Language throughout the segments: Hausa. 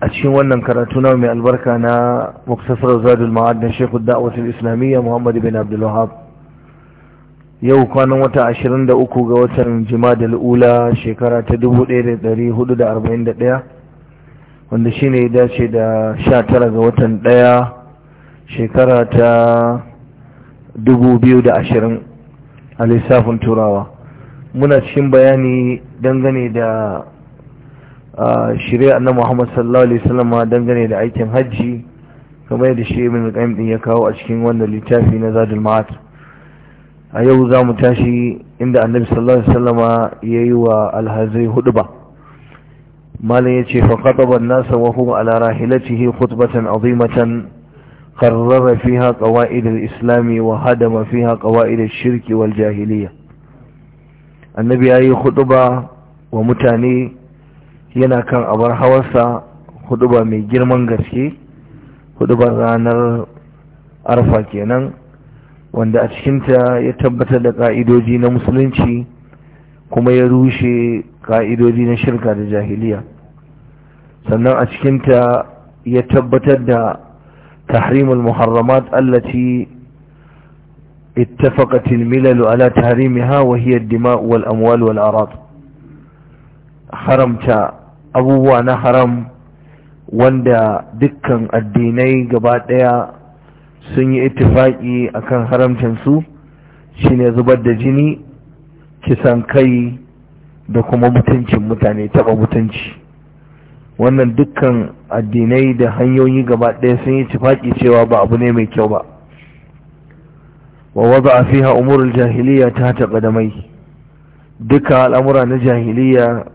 a cikin wannan karatu na mai albarka na muktasar zadul ma'ad na shekul da'awatul islamiyya Muhammadu bin abdul yau kwanan wata 23 ga watan da ula shekara ta 1441 wanda shi ya dace da 19 ga watan 1 shekara ta 2020 a lissafin turawa muna cikin bayani dangane da shirya annabi Muhammad sallallahu alaihi wasallam dangane da aikin hajji kamar yadda shi Ibn Qayyim din ya kawo a cikin wannan littafi na Zadul Ma'ad a yau za mu tashi inda annabi sallallahu alaihi wasallam yayi wa alhazai hudba malam yace fa qataba nasa nas wa hum ala rahilatihi khutbatan azimatan wa فيها قواعد الإسلام وهدم فيها قواعد الشرك والجاهلية النبي أي wa mutane. yana kan abar hawarsa ba mai girman gaske hudu ba ranar arfa kenan wanda a cikinta ya tabbatar da ka'idoji na musulunci kuma ya rushe ka'idoji na shirka da jahiliya sannan a cikinta ya tabbatar da tahrimul muharramat allati اتفقت الملل على تحريمها وهي الدماء والأموال والأراض حرمت abubuwa na haram wanda dukkan addinai gaba ɗaya sun yi ittifaki akan haramcinsu shine zubar da jini kisan kai da kuma mutuncin mutane taba mutunci wannan dukkan addinai da hanyoyi gaba ɗaya sun yi tifaki cewa ba abu ne mai kyau ba wa waza a fiha umurul jahiliya ta taɓa da mai duka al'amura na jahiliya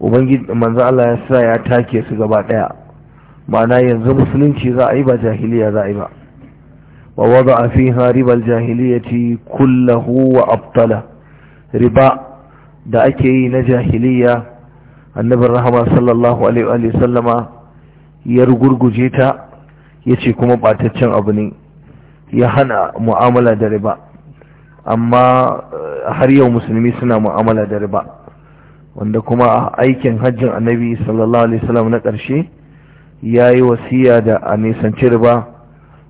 ubangiji manzo Allah ya sa ya take su gaba daya ma'ana yanzu musulunci za a yi ba jahiliya za a yi ba wa wada fiha riba al-jahiliyati kullahu wa abtala riba da ake yi na jahiliya annabin rahama sallallahu alaihi sallama ya rugurguje ta yace kuma bataccen abu ne ya hana mu'amala da riba amma eh, har yau musulmi suna mu'amala da riba wanda kuma a aikin hajjin annabi sallallahu alaihi wasallam na ƙarshe ya yi wasiya da a nisanci riba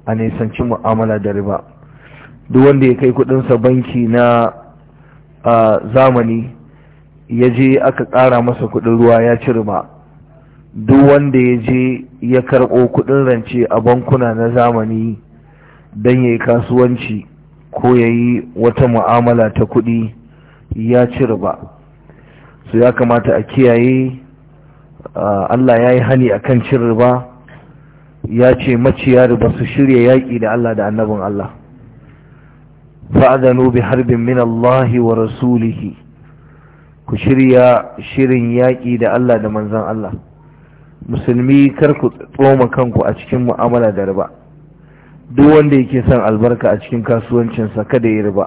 a nisanci mu'amala da riba duk wanda ya kai kudinsa banki na zamani ya je aka ƙara masa kudin ruwa ya ci riba duk wanda ya je ya karɓo kudin rance a bankuna na zamani don ya yi kasuwanci ko ya yi wata mu'amala ta kudi ya ci riba su ya kamata a kiyaye Allah ya yi hani a kan cin riba ya ce maciya riba su shirya yaƙi da Allah da annabin Allah fa’adano bi harbin min Allahi wa rasulihi ku shirya shirin yaƙi da Allah da manzan Allah musulmi kar ku tsoma kanku a cikin mu'amala da riba duk wanda yake son albarka a cikin kasuwancinsa kada ya riba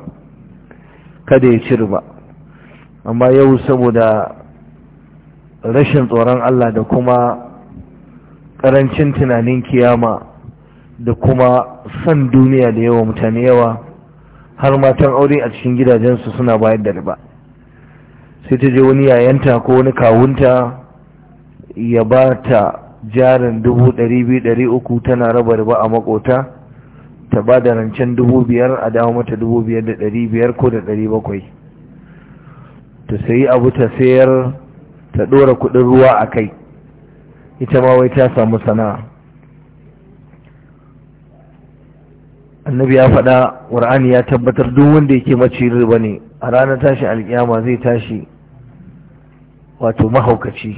kada ya ci riba amma yau saboda rashin tsoron Allah da kuma ƙarancin tunanin kiyama da kuma san duniya da yawa mutane yawa har matan aure a cikin gidajensu suna bayar da riba sai ta je wani yayanta ko wani kawunta ya ba ta jarin dubu ɗari biyu ɗari uku tana raba riba a makota ta ba da rancen dubu biyar a dawo mata dubu biyar da ɗari biyar ko da ɗari bakwai ta sayi abu ta sayar ta ɗora kuɗin ruwa a kai ita ma wai ta samu sana'a annabi ya faɗa ƙur'ani ya tabbatar duk wanda yake mace riba ne a ranar tashi alƙiyama zai tashi wato mahaukaci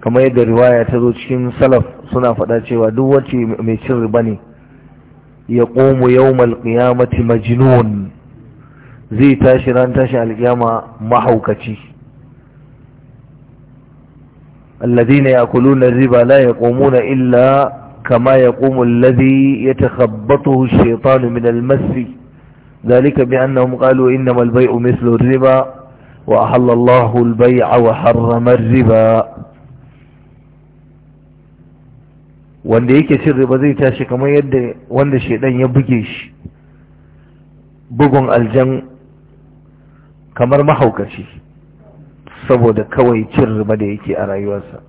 kamar yadda riwaya ta zo cikin salaf suna faɗa cewa duk wacce mai cin riba ne ya ƙomo yau malƙiyamati majinun zai tashi ran tashi alkiyama mahaukaci alladhina yakuluna riba la yaqumuna illa kama yaqumu alladhi yatakhabbathu ash-shaytanu min al-mass dhalika bi annahum qalu innama al-bay'u mithlu ar-riba wa ahalla Allahu al-bay'a wa harrama ar-riba wanda yake cin riba zai tashi kamar yadda wanda shedan ya buge shi bugun aljan kamar mahaukaci saboda kawai cin riba da yake a rayuwarsa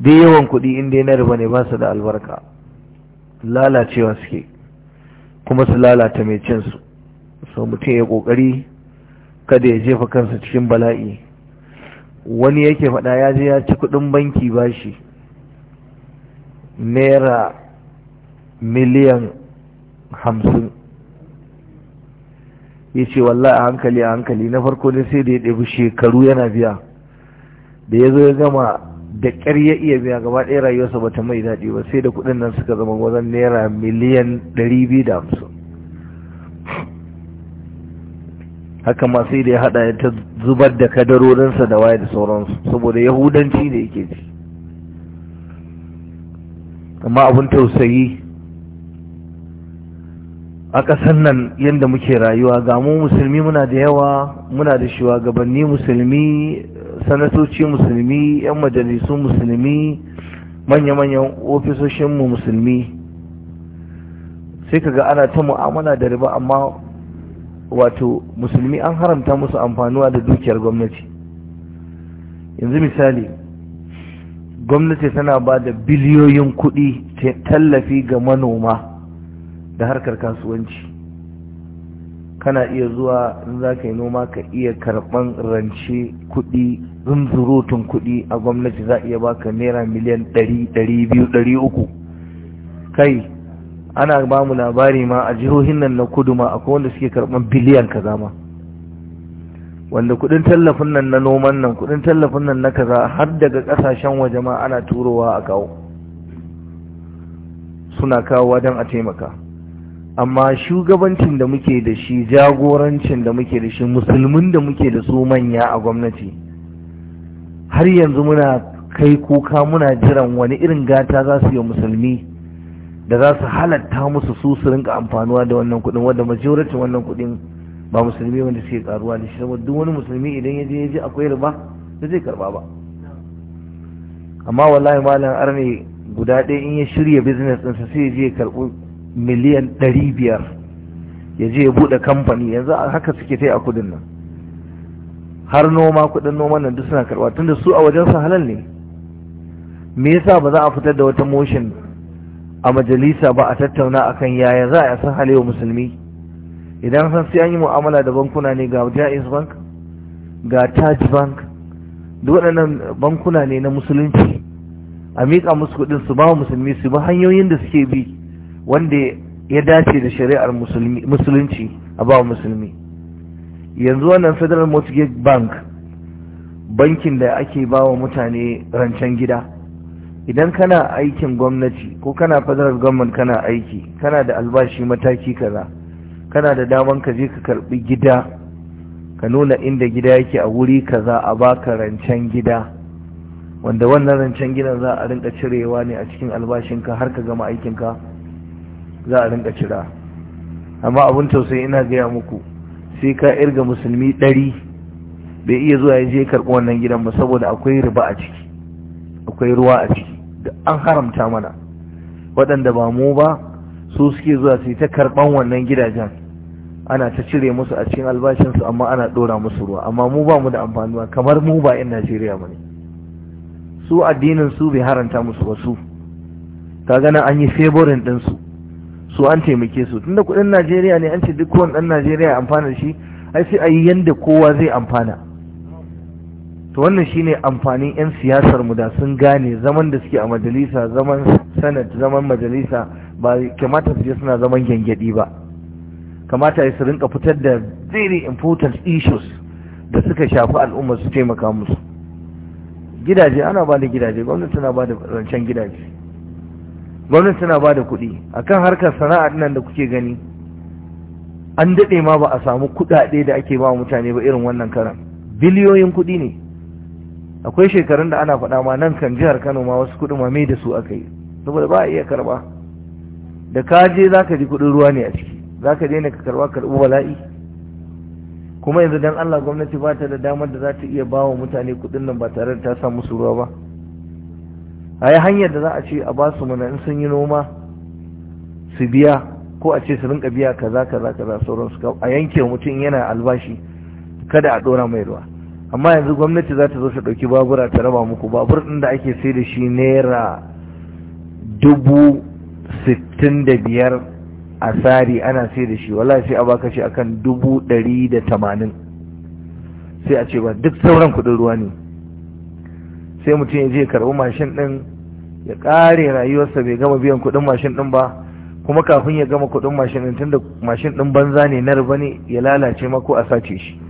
duk yawan kuɗi in dai na riba ne ba su da albarka lalacewa suke kuma su lalata mai cinsu sau mutum ya ƙoƙari kada ya jefa kansa cikin bala'i wani yake faɗa ya je ya ci kuɗin banki ba shi naira miliyan hamsin ya ce wallahi a hankali a hankali na farko ne sai da ya ɗabi shekaru yana biya da ya zo ya gama da ƙyar ya iya biya gaba ɗaya rayuwarsa ba ta mai daɗi ba sai da kuɗin nan suka zama wajen naira miliyan ɗari biyu da hamsin haka ma sai da ya haɗa ya ta zubar da kadarorinsa da waye da sauransu saboda yahudanci da yake ci amma abin tausayi a ƙasar nan yadda muke rayuwa ga mu musulmi muna da yawa muna da shugabanni musulmi sanatoci musulmi 'yan majalisu musulmi manya-manyan ofisoshinmu musulmi sai ka ga ana ta mu'amala da riba amma wato musulmi an haramta musu amfanuwa da dukiyar gwamnati yanzu misali gwamnati tana ba da biliyoyin kuɗi tallafi ga manoma da harkar kasuwanci kana iya zuwa in za ka yi noma ka iya karɓan rance kuɗi zunzurutun kuɗi a gwamnati za a iya baka naira miliyan ɗari ɗari biyu ɗari uku kai ana ba mu labari ma a jihohin nan na kudu ma akwai wanda suke karɓan biliyan ka zama wanda kuɗin tallafin nan na noman nan kuɗin tallafin nan na kaza har daga ƙasashen waje ma ana turowa a kawo suna kawowa don a taimaka amma shugabancin da muke da shi jagorancin da muke da shi musulmin da muke da su manya a gwamnati har yanzu muna kai kuka muna jiran wani irin gata za su yi musulmi da za su halatta musu su su rinka amfanuwa da wannan kudin wadda majoratin wannan kudin ba musulmi wanda suke karuwa da shi saboda duk wani musulmi idan ya je ya je akwai riba da zai karba ba amma wallahi malam arne guda ɗaya in ya shirya business ɗinsa sai ya je ya karɓi miliyan ɗari biyar ya je ya buɗe kamfani yanzu haka suke ta yi a kudin nan har noma kudin noman nan duk suna karɓa tunda su a wajen su halal ne me yasa ba za a fitar da wata motion a majalisa ba a tattauna akan yaya za a san halewa musulmi idan san sai an yi mu'amala da bankuna ne ga jais bank ga taj bank duk waɗannan bankuna ne na musulunci a miƙa musu kuɗin su ba musulmi su bi hanyoyin da suke bi wanda ya dace da shari'ar musulunci a ba musulmi yanzu wannan federal mortgage bank bankin da ake ba wa mutane rancen gida idan kana aikin gwamnati ko kana federal government kana aiki kana da albashi mataki kaza kana da daman ka je ka karbi gida ka nuna inda gida yake a wuri kaza a baka rancen gida wanda wannan rancen gidan za a rinka cirewa ne a cikin albashinka har ka gama aikinka za a rinka cira amma abin tausayi ina gaya muku sai ka irga musulmi ɗari bai iya zuwa ya je karɓi wannan gidan ba saboda akwai riba a ciki akwai ruwa a ciki da an haramta mana waɗanda ba mu ba su suke zuwa su ta karɓan wannan gidajen ana ta cire musu a cikin albashinsu amma ana ɗora musu ruwa amma mu ba mu da amfanuwa kamar mu ba 'yan najeriya ba ne su addinin su bai haranta musu ba su ka gana an yi favorin ɗinsu su an taimake su tunda kuɗin Najeriya ne an ce duk kowane dan Najeriya amfana shi ai sai a yi yanda kowa zai amfana to wannan shine amfanin yan siyasar mu da sun gane zaman da suke a majalisa zaman sanat zaman majalisa ba kamata su je suna zaman gyangyaɗi ba kamata su rinka fitar da very important issues da suka shafi al'ummar su taimaka musu gidaje ana ba da gidaje gwamnati tana ba da rancen gidaje gwamnati tana ba da kuɗi kan harkar sana'ar nan da kuke gani an daɗe ma ba a samu kuɗaɗe da ake ba mutane ba irin wannan karan biliyoyin kuɗi ne akwai shekarun da ana faɗa ma nan kan jihar kano ma wasu kuɗi ma mai da su aka yi saboda ba a iya karɓa da ka je za ka ji kuɗin ruwa ne a ciki za ka daina ka karɓa karɓi bala'i kuma yanzu dan allah gwamnati ba ta da damar da za ta iya ba wa mutane kuɗin nan ba tare da ta sa musu ruwa ba a yi hanyar da za a ce a ba su mana in sun yi noma su biya ko a ce su rinka biya kaza kaza kaza sauransu a yanke mutum yana albashi kada a ɗora mai ruwa amma yanzu gwamnati za ta zo ta ɗauki babura ta raba muku babur ɗin da ake sai da shi naira dubu sittin da biyar a tsari ana sai da shi wala sai a baka shi akan dubu ɗari da tamanin sai a ce ba duk sauran kuɗin ruwa ne sai mutum ya je karɓi mashin ɗin ya ƙare rayuwarsa bai gama biyan kuɗin mashin ɗin ba kuma kafin ya gama kuɗin mashin ɗin tunda mashin ɗin banza ne na riba ne ya lalace ma ko a sace shi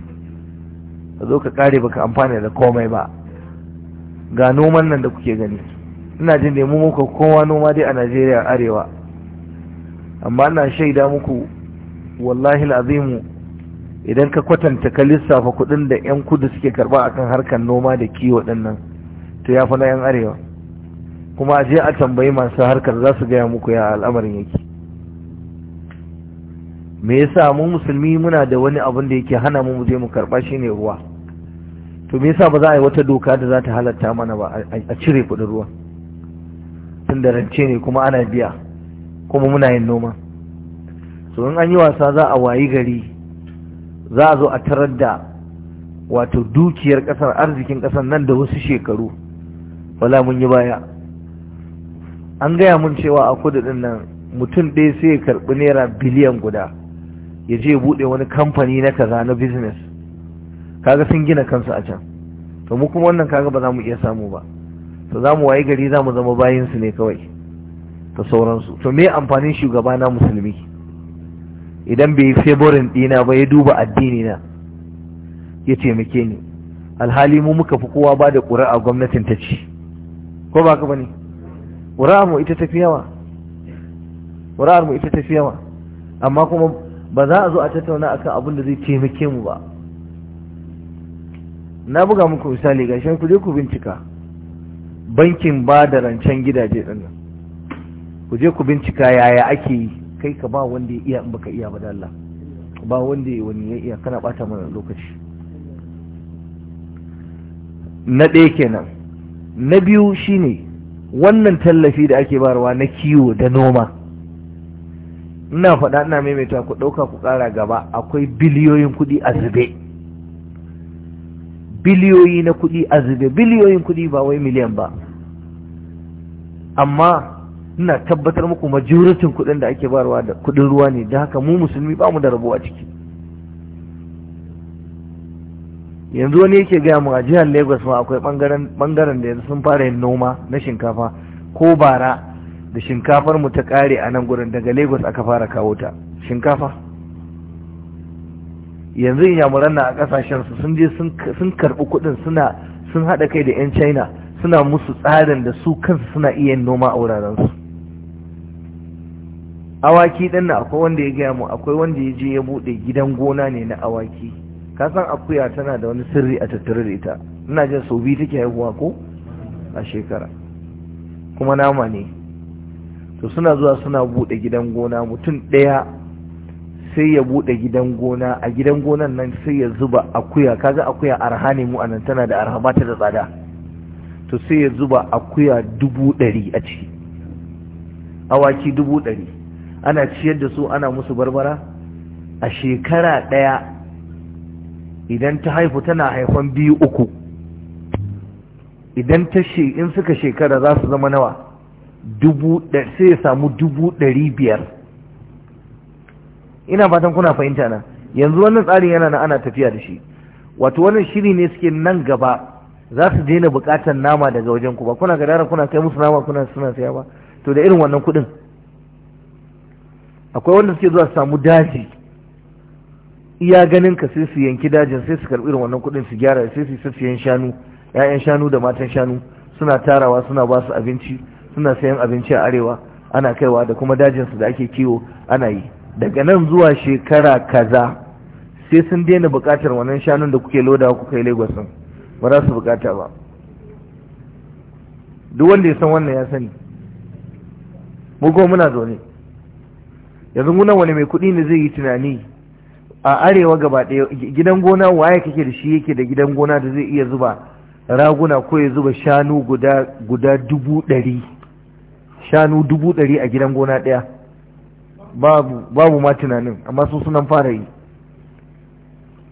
ka zo ka ƙare baka amfana da komai ba ga noman nan da kuke gani ina jin da mu muka kowa noma dai a Najeriya arewa amma ina shaida muku wallahi lazimu. idan ka kwatanta ka lissafa kuɗin da 'yan kudu suke karba akan harkar noma da kiwo ɗin nan to ya fi na 'yan arewa kuma je a tambayi masu harkar za su gaya muku ya al'amarin yake me yasa mu musulmi muna da wani abin da yake hana mu mu je mu karba shine ruwa to me yasa ba za a yi wata doka da za ta halatta mana ba a cire kuɗin ruwa tun da rance ne kuma ana biya kuma muna yin noma to in an yi wasa za a wayi gari za a zo a tarar da wato dukiyar ƙasar arzikin ƙasar nan da wasu shekaru wala mun yi baya an gaya mun cewa a kudu din nan mutum ɗaya sai ya karɓi naira biliyan guda ya je buɗe wani kamfani na kaza na business kaga sun gina kansu a can to mu kuma wannan kaga ba za mu iya samu ba to za mu wayi gari za mu zama bayinsu ne kawai da sauransu to me amfanin shugaba na musulmi idan bai yi favorin ɗina ba ya duba addini na ya taimake ni alhali mu muka fi kowa ba da a gwamnatin ta ci ko ba ka bane wura'armu mu ita tafi yawa wura'armu ita tafi yawa amma kuma ba za a zo a tattauna akan abin da zai taimake mu ba na buga muku misali ga ku je ku bincika bankin ba da rancen gidaje din nan ku je ku bincika yaya ake yi kai ka ba wanda ya iya in baka iya ba da Allah ba wanda ya wani ya iya kana bata mana lokaci na ɗaya kenan na biyu shine wannan tallafi da ake barwa na kiwo da noma ina faɗa ina maimaita ku ɗauka ku ƙara gaba akwai biliyoyin kuɗi a zube biliyoyi na kuɗi a zube biliyoyin kuɗi ba wai miliyan ba amma ina tabbatar muku majoritin kuɗin da ake barwa da kuɗin ruwa ne da haka mu musulmi ba mu da rabo a ciki yanzu wani yake gaya mu a jihar lagos ma akwai bangaren da yanzu sun fara yin noma na shinkafa ko bara da shinkafar mu ta kare a nan gurin daga lagos aka fara kawo ta shinkafa yanzu yamuran na a kasashen su sun je sun karbi kudin suna sun hada kai da yan china suna musu tsarin da su kansu suna iya noma a wuraren su awaki din akwai wanda ya gaya mu akwai wanda ya je ya bude gidan gona ne na awaki ka san akuya tana da wani sirri a tattare da ita ina jin sau biyu take haihuwa ko a shekara kuma nama ne to suna zuwa suna buɗe gidan gona mutum ɗaya sai ya buɗe gidan gona a gidan gonan nan sai ya zuba akuya kaga akuya arha ne mu anan tana da arha bata da tsada to sai ya zuba akuya dubu ɗari a ciki awaki dubu ɗari ana ciyar da su ana musu barbara a shekara ɗaya idan ta haifu tana haifan biyu uku idan ta she in suka shekara za su zama nawa dubu sai ya samu dubu ɗari biyar ina fatan kuna fahimta na yanzu wannan tsarin yana na ana tafiya da shi wato wannan shiri ne suke nan gaba za su daina buƙatar nama daga wajen ku ba kuna dara kuna kai musu nama kuna suna saya ba to da irin wannan kuɗin akwai wanda suke zuwa su samu daji iya ganin ka sai su yanki dajin sai su karɓi irin wannan kuɗin su gyara sai su sassiyan shanu Ya'yan shanu da matan shanu suna tarawa suna ba su abinci suna sayan abinci a arewa ana kaiwa da kuma dajin su da ake kiwo ana yi daga nan zuwa shekara kaza sai sun daina buƙatar wannan shanun da kuke lodawa kuka yi Lagos din ba za su buƙata ba duk wanda ya san wannan ya sani mu muna zaune yanzu muna wani mai kuɗi ne zai yi tunani a arewa gaba ɗaya gidan gona waye kake da shi yake da gidan gona da zai iya zuba raguna ko ya zuba shanu guda guda dubu ɗari shanu dubu ɗari a gidan gona ɗaya babu ma tunanin amma su sunan fara yi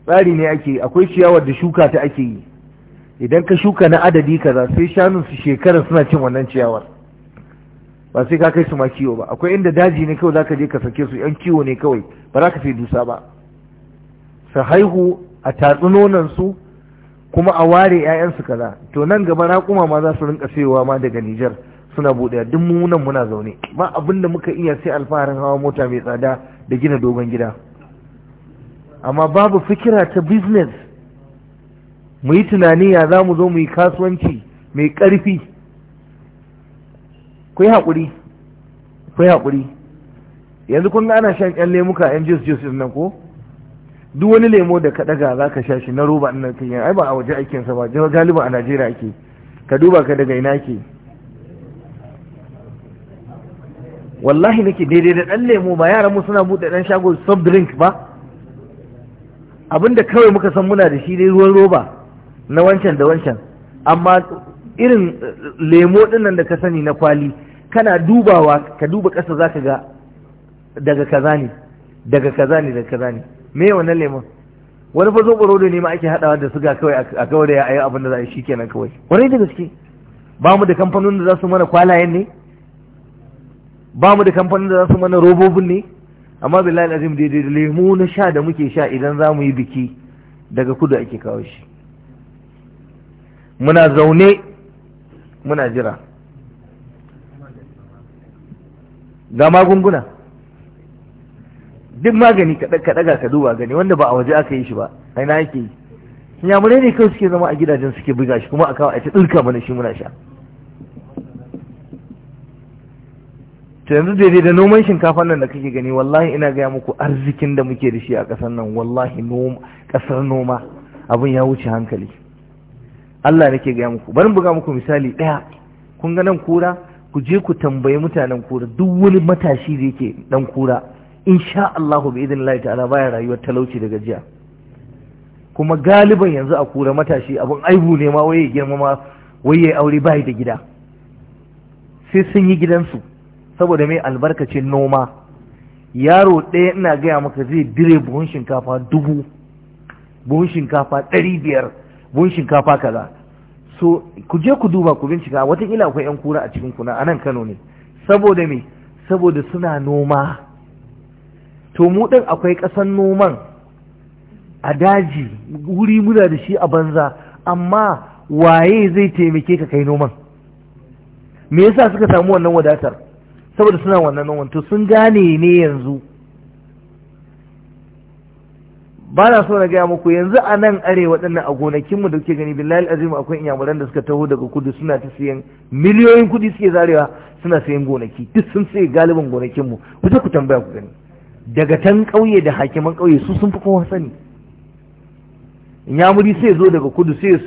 tsari ne ake akwai ciyawar da shuka ta ake yi idan ka shuka na adadi kaza sai shanun su shekara suna cin wannan ciyawar ba sai ka kai su ma kiwo ba akwai inda daji ne kawai zaka je ka sake su yan kiwo ne kawai ba za ka fi dusa ba su haihu a tatsi nonansu kuma a ware 'ya'yansu kaza to nan gaba raƙuma ma za su rinka sayowa ma daga Nijar suna buɗe duk mu nan muna zaune ba abin muka iya sai alfaharin hawa mota mai tsada da gina dogon gida amma babu fikira ta business mu yi tunani ya za mu zo mu yi kasuwanci mai ƙarfi ku yi haƙuri ku yi haƙuri yanzu kun ga ana shan yan lemuka yan juice juice nan ko duk wani lemo da ka daga za ka sha shi na roba ina kan ai ba a waje aikin sa ba galiba a Najeriya ake ka duba ka daga ina ke wallahi nake daidai da dan lemo ba yaran mu suna bude dan shago soft drink ba abinda kawai muka san muna da shi dai ruwan roba na wancan da wancan amma irin eh, lemo nan da ka sani na kwali kana dubawa ka duba ƙasa za ka ga daga kaza ne daga kaza ne daga kaza ne me wannan lemon wani fa zoɓo rodo ne ma ake haɗawa da suga kawai a kawai da ya abin da za a yi shi kenan kawai wani da gaske ba mu da kamfanin da za su mana kwalayen ne ba mu da kamfanin da za su mana robobin ne amma billahi alazim daidai da lemu na sha da muke sha idan za mu yi biki daga kudu ake kawo shi muna zaune muna jira ga magunguna duk magani ka daga ka duba gani wanda ba a waje aka yi shi ba a ina yake yi mure ne kawai suke zama a gidajen suke buga shi kuma a kawo a ci tsirka mana shi muna sha to yanzu daidai da noman shinkafa nan da kake gani wallahi ina gaya muku arzikin da muke da shi a ƙasar nan wallahi noma ƙasar noma abin ya wuce hankali Allah nake gaya muku bari buga muku misali ɗaya kun ga nan kura ku je ku tambayi mutanen kura duk wani matashi da yake dan kura insha Allahu bi Allah ta'ala baya rayuwar talauci da gajiya kuma galiban yanzu a kura matashi abun aibu ne ma waye girma ma waye aure bai da gida sai sun yi gidansu saboda mai albarkacin noma yaro ɗaya ina gaya maka zai dire buhun shinkafa dubu buhun shinkafa ɗari biyar buhun shinkafa kaza so ku je ku duba ku bincika watakila akwai 'yan kura a cikin kuna a nan kano ne saboda me saboda suna noma to mu ɗin akwai ƙasan noman a daji wuri muna da shi a banza amma waye zai taimake ka kai noman me yasa suka samu wannan wadatar saboda suna wannan noman to sun gane ne yanzu ba na so na gaya muku yanzu a nan arewa ɗannan a gonakinmu da kuke gani billahi azim akwai inyamuran da suka taho daga kudu suna ta siyan miliyoyin kudi suke zarewa suna sayan gonaki duk sun sai galibin gonakinmu ku je ku tambaya ku gani daga tan ƙauye da hakiman ƙauye su sun fi kowa sani muri sai zo daga kudu sai ya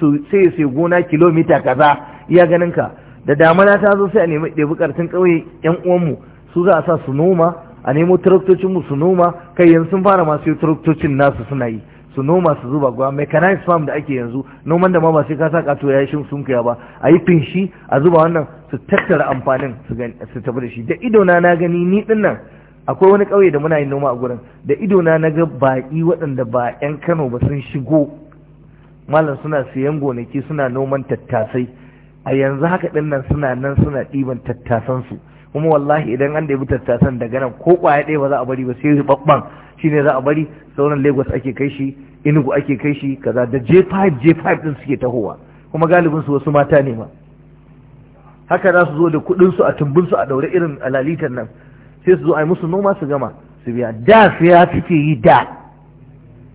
sai gona kilomita kaza iya ganin ka da damana ta zo sai a nemi ɗebi ƙarfin ƙauye yan uwanmu su za a sa su noma a nemo taraktocin mu su noma kai yanzu sun fara masu yi taraktocin nasu suna yi su noma su zuba gwa mechanized farm da ake yanzu noman da ma ba sai ka sa kato ya shi sun kaya ba a yi finshi a zuba wannan su tattara amfanin su tafi da shi da ido na, na gani ni dinnan akwai wani ƙauye da muna yin noma a gurin da idona na ga baƙi waɗanda ba 'yan kano ba sun shigo malam suna siyan gonaki suna noman tattasai a yanzu haka ɗin nan suna nan suna ɗiban tattasansu kuma wallahi idan an bi tattasan daga nan ko ƙwaya ɗaya ba za a bari ba sai babban ne za a bari sauran lagos ake kai shi inugu ake kai shi kaza da j5 j5 ɗin suke tahowa kuma galibin su wasu mata ne ma haka za su zo da kuɗin su a tumbin a daure irin alalitan nan sai su zo a musu noma su gama su biya da siya suke yi da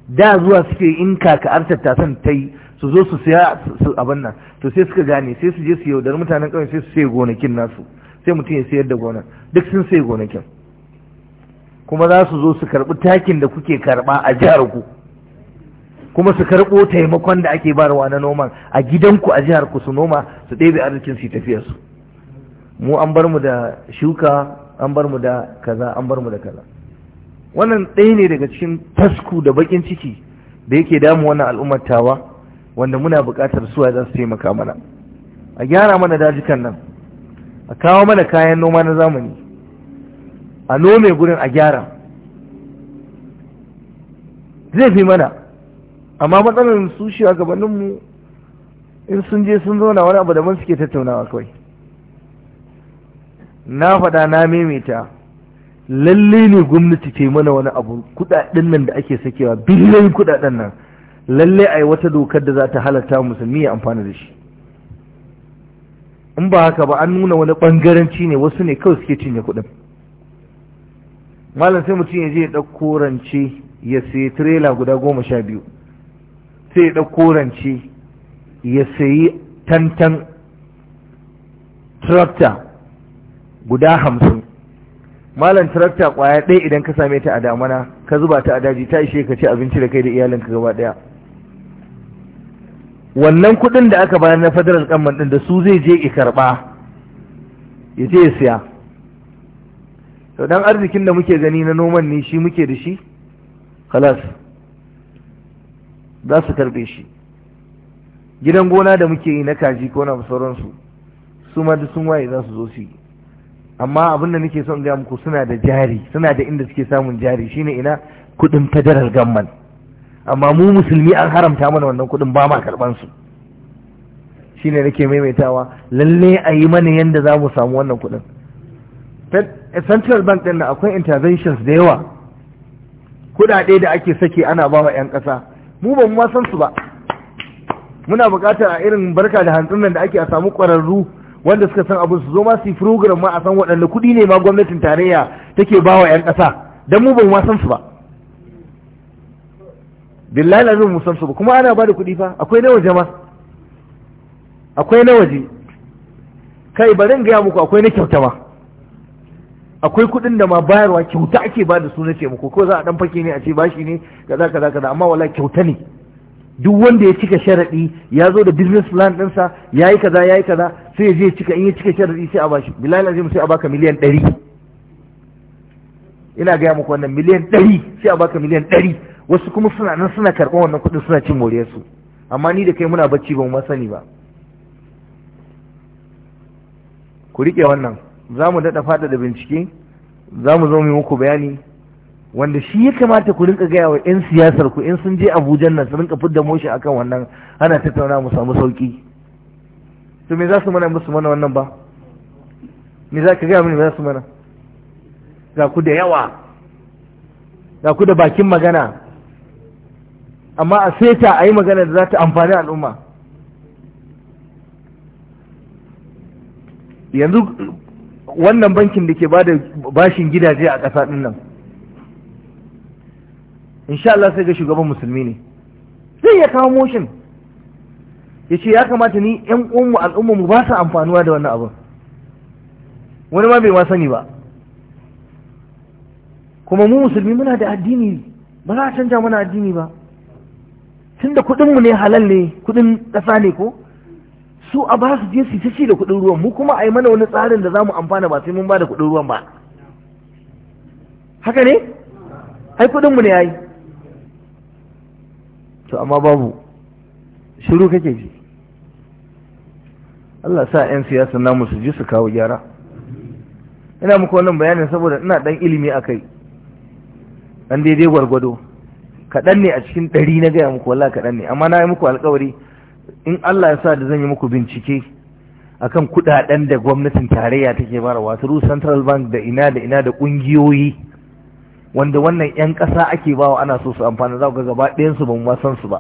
da zuwa suke yi in kaka tattasan ta yi su zo su siya su abin nan to sai suka gane sai su je su yaudar mutanen ƙauyen sai su sai gonakin nasu sai mutum ya sayar da gonar duk sun sai gonakin kuma za su zo su karɓi takin da kuke karɓa a jihar ku kuma su karɓo taimakon da ake barwa na noman a gidanku a jihar ku su noma su ɗebe arzikin su tafiyar su mu an bar mu da shuka an bar mu da kaza an bar mu da kaza wannan ɗaya ne daga cikin tasku da bakin ciki da yake damu wannan al'ummar tawa wanda muna buƙatar suwa za su taimaka mana a gyara mana dajikan nan a kawo mana kayan noma na zamani a nome gurin a gyara zai fi mana amma matsalar su shi a gabaninmu in sun je sun zauna wani abu da daban suke tattaunawa kawai na faɗa na maimaita lalle ne gwamnati ce mana wani abu kudaden nan da ake sakewa biliyoyin kudaden nan lalle a yi wata dokar da za ta halatta musulmi ya amfana da shi in ba haka ba an nuna wani bangaranci ne wasu ne kawai suke cinye kuɗin malam sai mutum ya je ya ɗauko rance ya sayi tirela guda goma sha biyu sai ya ɗauko rance ya sayi tantan tractor guda hamsin malam tarakta kwaya ɗaya idan ka same ta a damana ka zuba ta a daji ta ishe ka ci abinci da kai da iyalinka gaba ɗaya wannan kuɗin da aka bayar na federal government ɗin da su zai je i karɓa ya je ya siya to dan arzikin da muke gani na noman ne shi muke da shi kalas za su karɓe shi gidan gona da muke yi na kaji ko na sauransu su ma duk sun waye za su zo su yi amma abin da nake son ga muku suna da jari suna da inda suke samun jari shine ina kudin federal gamman amma mu musulmi an haramta mana wannan kudin ba ma karban su shine nake maimaitawa lalle a yi mana yanda za mu samu wannan kudin central bank din akwai interventions da yawa kudade da ake saki ana ba wa 'yan kasa mu ba mu san su ba muna bukatar a irin barka da hantsin nan da ake a samu kwararru wanda suka san abin su zo ma su program ma a san waɗanne kuɗi ne ma gwamnatin tarayya take ba wa 'yan ƙasa don mu ba mu san su ba billahi na mu san su ba kuma ana ba da kuɗi fa akwai na waje ma akwai na waje kai ba zan gaya muku akwai na kyauta ma akwai kuɗin da ma bayarwa kyauta ake ba da su na muku ko za a ɗan fake ne a ce bashi ne kaza kaza kaza amma wala kyauta ne duk wanda ya cika sharaɗi ya zo da business plan ɗinsa ya yi kaza ya yi kaza sai ya je cika in ya cika sharaɗi sai a ba shi bilal azim sai a baka miliyan ɗari ina gaya muku wannan miliyan ɗari sai a baka miliyan ɗari wasu kuma suna nan suna karɓar wannan kuɗin suna cin moriyarsu amma ni da kai muna bacci ba mu sani ba ku riƙe wannan za mu daɗa faɗaɗa bincike za mu zo mu yi muku bayani wanda shi ya kamata ku rinka gaya wa 'yan siyasar ku in sun je abuja nan su rinka fidda moshi akan wannan ana tattauna mu samu sauki to me za su mana musu mana wannan ba me za ka gaya mini me za su mana ga ku da yawa ga ku da bakin magana amma a seta a yi magana da za ta amfani al'umma yanzu wannan bankin da ke ba da bashin gidaje a ƙasa ɗin nan sha Allah sai ga shugaban musulmi ne zai ya kawo motion ya ce ya kamata ni yan ƙunmu al'umma mu ba su amfanuwa da wannan abin wani ma bai ma sani ba kuma mu musulmi muna da addini ba za a canja mana addini ba tunda kuɗinmu ne halal ne kuɗin ƙasa ne ko su a ba su je su ta ci da kuɗin ruwan mu kuma a yi mana wani tsarin da za mu amfana ba sai mun ba da kuɗin ruwan ba haka ne ai kuɗinmu ne ya yi to amma babu shiru kake ji Allah sa 'yan siyasa namu su ji su kawo gyara ina muku wannan bayanin saboda ina dan ilimi a kai dan daidai gwargwado kaɗan ne a cikin ɗari na gaya muku wallah kaɗan ne amma na yi muku alkawari in Allah ya sa da zan yi muku bincike akan kuɗaɗen da gwamnatin tarayya take bara wasu central bank da ina da ina da ƙungiyoyi wanda wannan 'yan ƙasa ake bawa ana so su amfana za ga gaba ɗayansu ba mu san su ba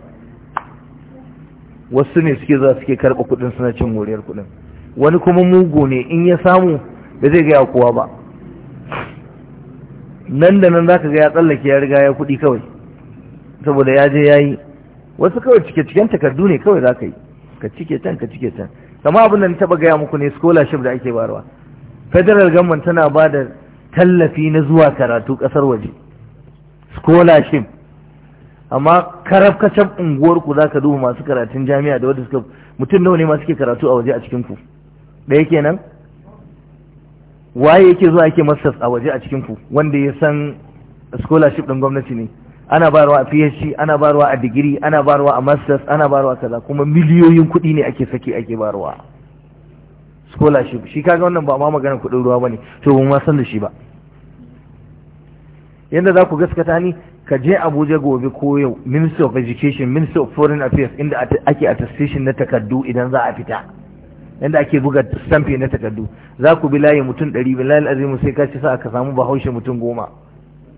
wasu ne suke za suke karɓa kuɗin suna cin moriyar kuɗin wani kuma mugu ne in ya samu ba zai gaya kowa ba nan da nan za ka ga ya tsallake ya riga ya kuɗi kawai saboda ya je ya yi wasu kawai cike ciken takardu ne kawai za ka yi ka cike can ka cike can kama abin da na taɓa gaya muku ne scholarship da ake barwa federal government tana ba da tallafi na zuwa karatu ƙasar waje scholarship amma karafkacin unguwarku za ka duba masu karatun jami'a da wadda suka mutum nawa ne masu ke karatu a waje a cikinku yake nan, waye yake zuwa yake masters a waje a cikinku wanda ya san scholarship ɗin gwamnati ne ana barwa a phd ana barwa a digiri ana barwa a masters ana barwa kaza kuma miliyoyin kuɗi ne ake saki ake barwa scholarship shi kaga wannan ba ma magana kudin ruwa bane to ba ma san da shi ba yanda za ku gaskata ni ka je Abuja gobe ko yau Ministry of Education Ministry of Foreign Affairs inda ake attestation na takardu idan za a fita yanda ake buga stamp na takardu za ku bi layi mutum ɗari layi azimu sai ka ci sa ka samu bahaushe mutum goma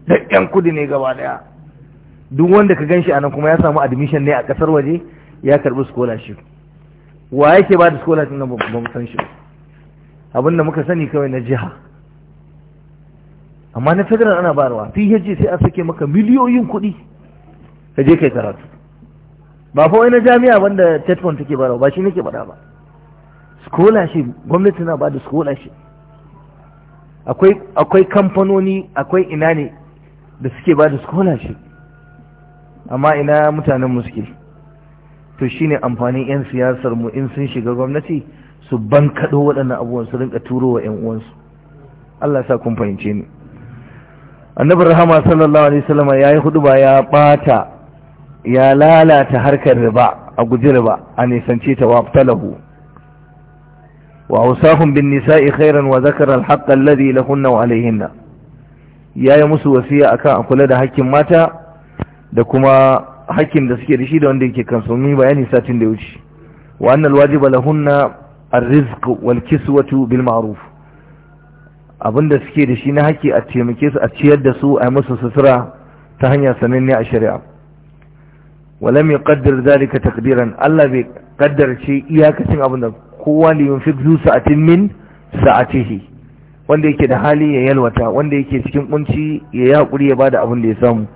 da yan kudi ne gaba daya duk wanda ka ganshi anan kuma ya samu admission ne a kasar waje ya karbi scholarship wa yake ba da scholarship na ba mu san shi ba abinda muka sani kawai na jiha amma na federal ana bayarwa phd sai a sake maka miliyoyin kuɗi ka je kai karatu ba fa na jami'a wanda tetfon take bayarwa ba shi nake bada ba scholarship gwamnati na bada scholarship akwai akwai kamfanoni akwai ina ne da suke bada scholarship amma ina mutanen muske suke to shine amfanin 'yan siyasar mu in sun shiga gwamnati su bankaɗo waɗannan abubuwan su rinka turo wa 'yan uwansu Allah sa kun fahimce ni annabi rahama sallallahu alaihi wasallam ya yi ba ya ɓata, ya lalata harkar riba a guji riba a nisance ta waftalahu wa ausahum bin nisa'i khairan wa zakara al alladhi lahunna wa alayhinna yayi musu wasiya akan a kula da hakkin mata da kuma hakkin da suke da shi da wanda yake kansu mun bayani satin da ya wuce wa annal wajiba lahunna arrizq wal kiswatu bil ma'ruf abinda suke da shi na haƙƙi a taimake su a ciyar da su a musu sutura ta hanya sananne a shari'a walam yuqaddir zalika taqdiran Allah bai kaddarce iyakacin da kowa ne yunfiq zu sa'atin min sa'atihi wanda yake da hali ya yalwata wanda yake cikin kunci ya yi hakuri ya bada abin da ya samu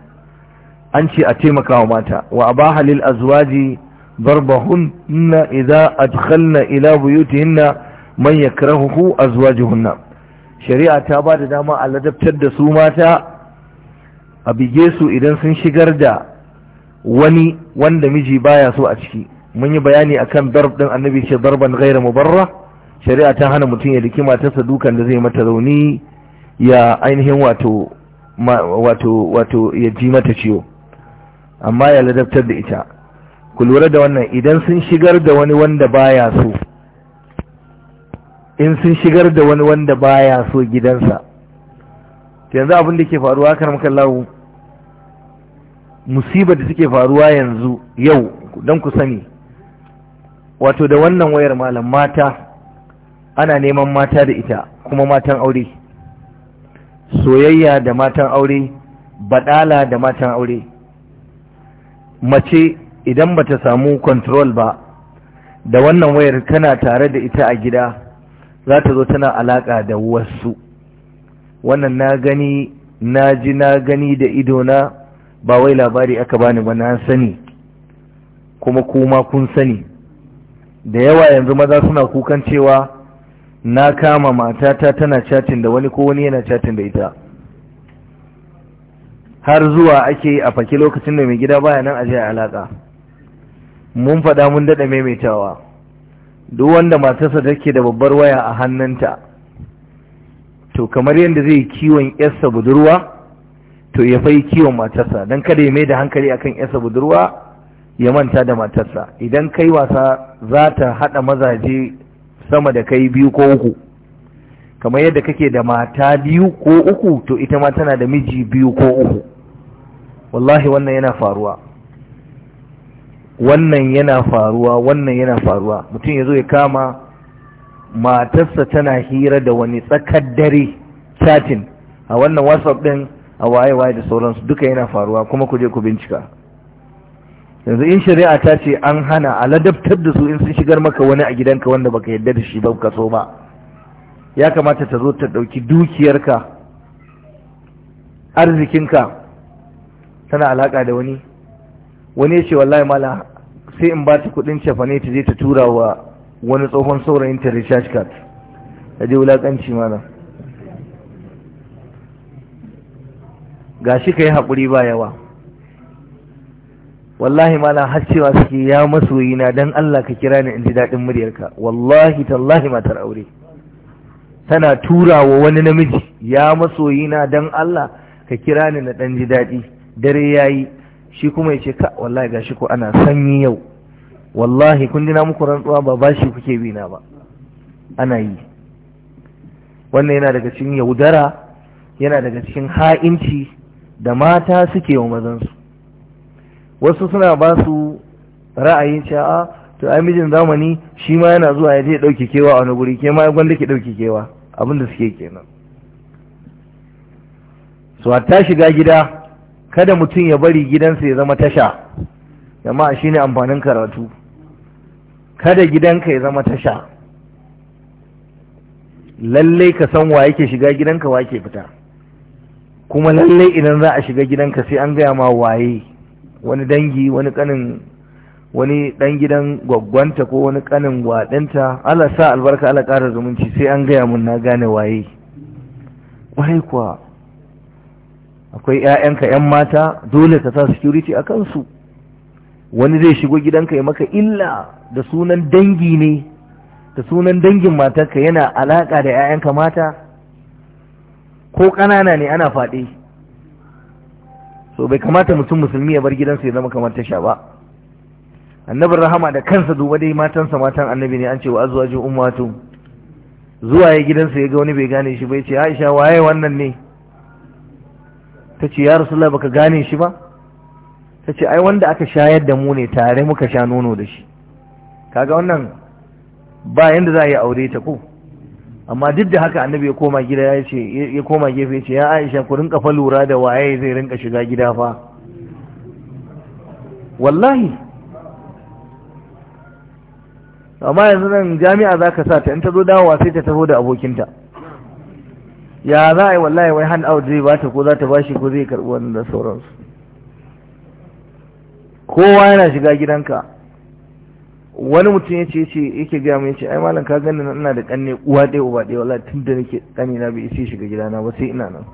an ce a taimaka wa mata wa ba halil azuwaji a a na ضربهن إذا أدخلن إلى بيوتهن من يكرهه أزواجهن شريعة تابعة داما على دبتد سوماتا idan sun shigar da wani wanda miji baya so a ciki mun yi bayani akan darb din annabi ce gaira mu barra. shari'a ta hana mutum ya diki matarsa dukan da zai mata rauni ya ainihin wato wato ya ji mata ciwo amma ya ladabtar da ita ku lura da wannan idan sun shigar da wani wanda baya so in sun shigar da wani wanda baya so gidansa yanzu abin da ke faruwa kan makallahu musibar da take faruwa yanzu yau don ku sani wato da wannan wayar malam mata ana neman mata da ita kuma matan aure soyayya da matan aure badala da matan aure mace idan bata samu control ba da wannan wayar kana tare da ita a gida za ta zo tana alaƙa da wasu wannan na gani na ji na gani da idona ba wai labari aka bani ba na sani kuma kuma kun sani da yawa yanzu maza suna kukan cewa na kama matata tana chatin da wani ko wani yana chatin da ita har zuwa ake a faki lokacin da mai gida baya nan aje a alaka mun faɗa mun daɗa maimaitawa duk wanda matarsa take da babbar waya a hannunta to kamar yadda zai kiwon yarsa budurwa to ya fai kiwon matarsa don kada ya mai da hankali akan yarsa budurwa ya manta da matarsa idan kai wasa za ta haɗa mazaje sama da kai biyu ko uku kamar yadda kake da mata biyu ko uku to ita ma tana da miji biyu ko uku wallahi wannan yana faruwa wannan yana faruwa wannan yana faruwa mutum ya zo ya kama matarsa tana hira da wani tsakar dare chatting a wannan whatsapp din a waye-waye da sauransu duka yana faruwa kuma ku je ku bincika yanzu in shari'a ta ce an hana a ladabtar da su in sun shigar maka wani a gidanka wanda baka yadda da shi ba ka so ba ya kamata ta zo ta ɗauki dukiyarka arzikinka tana alaƙa da wani wani ya ce wallahi mala sai in ba ta kudin cefane ta je ta tura wa wani tsohon saurayin ta recharge card ta je wulakanci mana ga shi ka yi haƙuri ba yawa wallahi mala har cewa suke ya masoyi na don Allah ka kira ni in ji daɗin muryarka wallahi tallahi matar aure tana tura wa wani namiji ya masoyi na don Allah ka kira ni na ɗan ji daɗi dare ya yi shi kuma ya ce ka wallahi gashi ko ana sanyi yau wallahi kun dina muku rantsuwa ba ba shi kuke bina ba ana yi wannan yana daga cikin yaudara yana daga cikin ha'inci da mata suke wa mazansu wasu suna ba su ra'ayin cewa ah, to ai mijin zamani shi ma yana zuwa ya je dauke kewa a wani guri ke ma gwanda ke dauke kewa abin suke kenan su ta shiga gida kada mutum ya bari gidansa ya zama tasha shi ne amfanin karatu kada gidanka ya zama tasha lallai ka san wa yake shiga gidanka wa yake fita kuma lallai idan za a shiga gidanka sai an gaya ma waye wani dangi wani kanin wani dan gidan gwaggwanta ko wani kanin gwadinta Allah sa albarka Allah ƙara zumunci sai an gaya mun na gane waye waye kuwa akwai 'ya'yanka 'yan mata dole ka sa security a kansu wani zai shigo gidanka ya maka illa da sunan dangi ne da sunan dangin matarka yana alaƙa da 'ya'yanka mata ko ƙanana ne ana faɗe so bai kamata mutum musulmi ya bar gidansa ya zama kamar sha ba annabin rahama da kansa duba dai matansa matan annabi ne an ce wa ummatu zuwa ya gidansa ya ga wani bai gane shi bai ce aisha waye wannan ne ta ce ya rasu la baka gane shi ba ta ce ai wanda aka shayar da mu ne tare muka sha nono da shi kaga wannan ba yanda za a yi aure ta ko amma duk da haka annabi ya koma gida ya ce ya koma gefe ce ya Aisha ku rinka fa lura da waye zai rinka shiga gida fa wallahi amma yanzu nan jami'a zaka sa ta in ta zo dawowa sai ta taho da abokinta ya za a yi wallahi wai hand out zai bata ko za ta bashi ko zai karɓi wani da sauransu kowa yana shiga gidanka wani mutum ya ce ce yake gaya mai ce ai malam ka gani ina da kanne uwa ɗaya uba ɗaya wallahi tun da nake kani na bai isi shiga gidana ba sai ina nan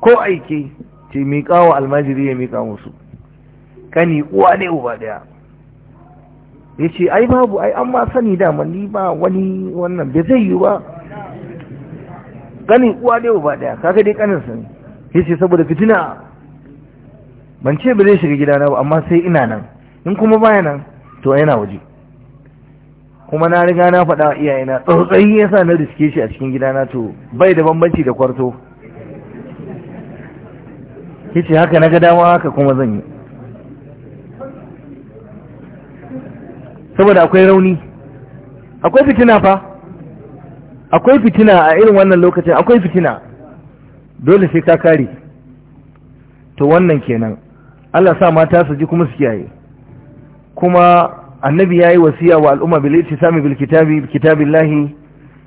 ko aiki ce miƙa wa almajiri ya kawo musu kani uwa ɗaya uba ɗaya ya ce ai babu ai an ma sani ma ni ba wani wannan bai zai yi ba Kani, uwa da ba daya kaka dai kanin sa ne yace saboda fitina ban ce ba zai shiga gidana ba amma sai ina nan in kuma baya nan to yana waje kuma na riga na faɗa wa na tsautsayi ya sa na riske shi a cikin gidana to bai da bambanci da kwarto yace haka na ga dama haka kuma zan yi saboda akwai rauni akwai fitina fa akwai fitina a irin wannan lokacin akwai fitina dole sai ka kare to wannan kenan Allah sa mata su ji kuma su kiyaye kuma annabi yayi wasiya wa al'umma bil ittisami bil kitabi kitabillahi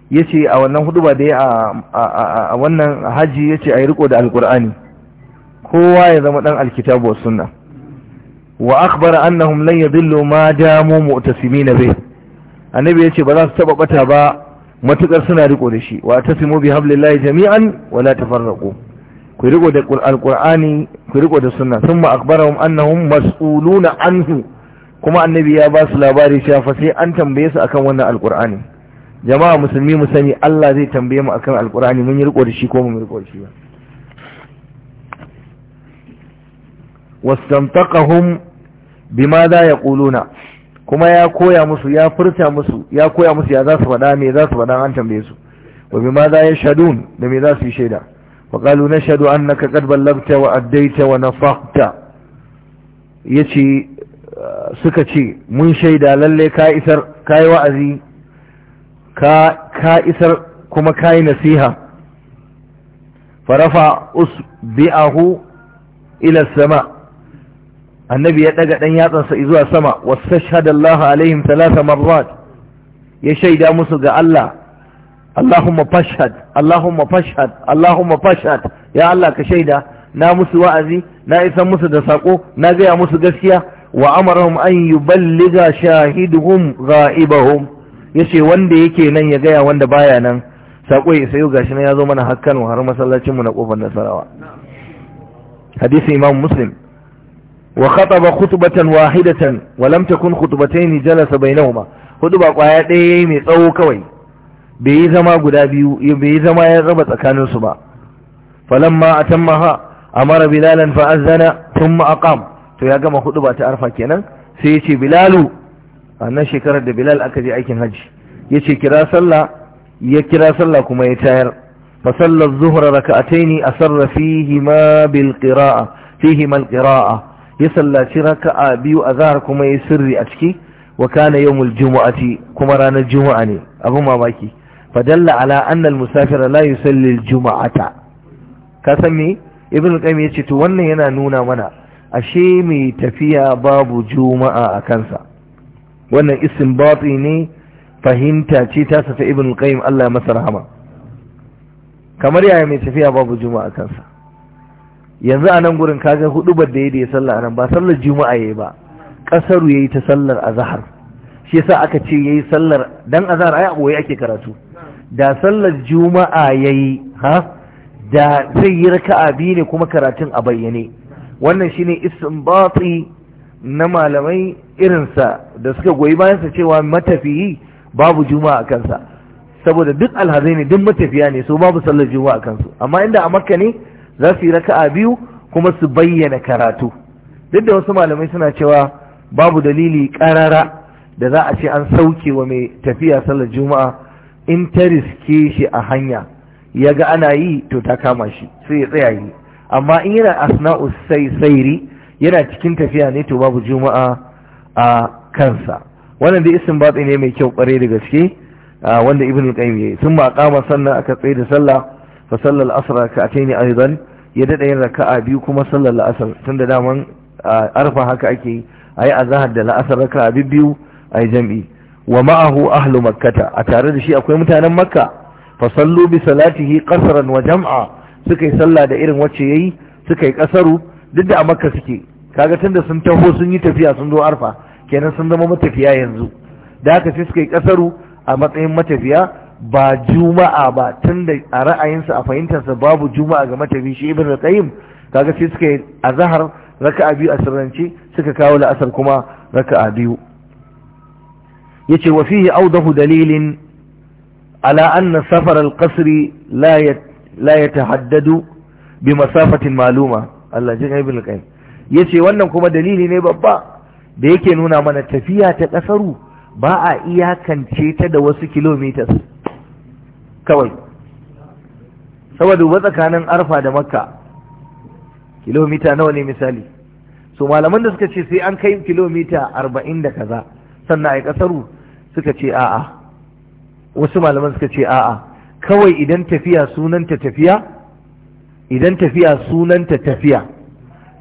yace a wannan huduba da ya a wannan haji yace ayi riko da alqur'ani kowa ya zama dan alkitabu was sunna wa akhbara annahum lan yadhillu ma damu mu'tasimin bih annabi yace ba za su taba bata ba matukar suna riko da shi wa tasimu bi hablillahi jami'an wa la tafarraqu ku riko da alqur'ani ku riko da sunna thumma akhbarahum annahum mas'uluna anhu kuma annabi ya ba su labari cewa fa sai an tambaye su akan wannan alqur'ani jama'a musulmi mu sani Allah zai tambaye mu akan alqur'ani mun yi riko da shi ko mun riko da shi ba wastamtaqahum bima da yaquluna kuma ya koya musu ya furta musu ya koya musu ya za su faɗa me za su faɗa an tambaye su wa bima za shadun da me za su yi shaida wa qalu nashhadu annaka qad ballabta wa addaita wa nafaqta yace suka ce mun shaida lalle ka isar kai wa'azi ka ka isar kuma kai nasiha farafa usbi'ahu ila sama annabi ya daga dan yatsansa zuwa sama wastashhada allahu alaihim thalatha marrat ya shaida musu ga Allah Allahumma fashhad Allahumma fashhad Allahumma fashhad ya Allah ka shaida na musu wa'azi na isa musu da sako na gaya musu gaskiya wa amarahum an yuballiga shahiduhum ghaibahum yace wanda yake nan ya gaya wanda baya nan sako ya sayo gashi nan ya zo mana hakkan har masallacin mu na kofar Nasarawa hadisi Imam Muslim وخطب خطبة واحدة ولم تكن خطبتين جلس بينهما خطبة قاية دي مي تسو كوي بي زما غدا بيو بي زما يا ربا تسكانن سبا فلما اتمها امر بلالا فاذن ثم اقام to ya gama ba ta arfa kenan sai ya ce bilalu a nan shekarar da bilal aka je aikin hajji ya ce kira sallah kuma ya tayar fa zuhra raka'ataini asarra fihi ma bil ya sallaci raka'a biyu a zahar kuma ya sirri a ciki wa kana yawmul kuma ranar juma'a ne abin mamaki fadalla ala annal musafir la yusalli juma'ata ka san me ibn al-qayyim yace to wannan yana nuna mana ashe mai tafiya babu juma'a a kansa wannan istinbati ne fahimta ce ta safa ibn al-qayyim Allah ya masa rahama kamar yaya mai tafiya babu juma'a a kansa yanzu a nan gurin kaga hudubar da ya da ya sallah a nan ba sallar juma'a ya yi ba ƙasaru ya yi ta sallar azahar shi sa aka ce ya yi sallar dan azahar ya a ake karatu da sallar juma'a ya yi ha da zai yi raka'a biyu ne kuma karatun a bayyane wannan shine istinbati na malamai irinsa da suka goyi bayansa cewa matafiyi babu juma'a a kansa saboda duk alhazai ne duk matafiya ne so babu sallar juma'a kansu amma inda a makka ne za su yi raka'a biyu kuma su bayyana karatu duk da wasu malamai suna cewa babu dalili karara da za a ce an sauke wa mai tafiya sallar juma'a in ta riske shi a hanya ya ga ana yi to ta kama shi sai ya tsaya yi amma in yana asna'u sai sairi yana cikin tafiya ne to babu juma'a a kansa wannan da isin batsi ne mai kyau kware da gaske wanda ibn qayyim yayi sun ma kama sannan aka tsaye da sallah fa sallal asra raka'atayn aidan ya dada yin a biyu kuma sallal asr tunda daman arfa haka ake yi ayi zahar da la'asar raka'a biyu yi jam'i wa ma'ahu ahlu makkata a tare da shi akwai mutanen makka fa sallu bi salatihi qasran wa jam'a suka yi sallah da irin wacce yayi suka yi kasaru duk da a makka suke kaga tunda sun taho sun yi tafiya sun zo arfa kenan sun zama matafiya yanzu da haka sai suka yi kasaru a matsayin matafiya ba juma'a ba tun da a ra'ayinsa a fahimtarsa babu juma'a ga matafi shi ibn qayyim kaga sai suka yi a zahar raka a biyu a sirrance suka kawo la'asar kuma a biyu Ya ce wa ya audahu dalilin ala anna safar al-qasri la la bi masafatin maluma Allah ji ibn Ya ce wannan kuma dalili ne babba da yake nuna mana tafiya ta kasaru ba a iyakance ta da wasu kilomitas kawai saboda ba tsakanin arfa da makka kilomita nawa ne misali so malaman da suka ce sai an kai kilomita arba'in da kaza sannan a kasaru suka ce a'a wasu malaman suka ce a'a kawai idan tafiya sunanta tafiya idan tafiya sunanta tafiya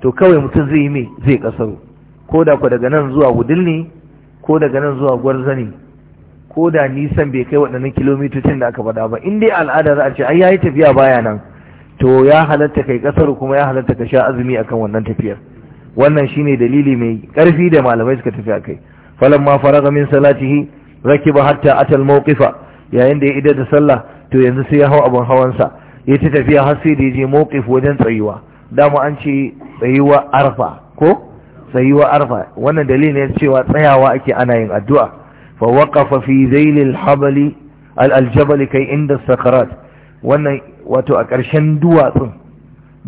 to kawai mutum zai yi mai zai kasaru ko da ku daga nan zuwa wudil ne ko daga nan zuwa gwarzani ko da nisan bai kai waɗannan kilomitocin da aka faɗa ba in dai al'ada za a ce ai yi tafiya baya nan to ya halatta kai kasar kuma ya halatta ka sha azumi akan wannan tafiyar wannan shine dalili mai ƙarfi da malamai suka tafi akai ma faraga min salatihi rakiba hatta atal mawqifa yayin da ya idar da sallah to yanzu sai ya hau abin hawansa ya ta tafiya har sai da ya je mawqif wajen tsayuwa dama an ce tsayuwa arfa ko tsayuwa arfa wannan dalilin ne cewa tsayawa ake ana yin addu'a fa waqafa fi habali kai inda sakarat wannan wato a ƙarshen duwatsun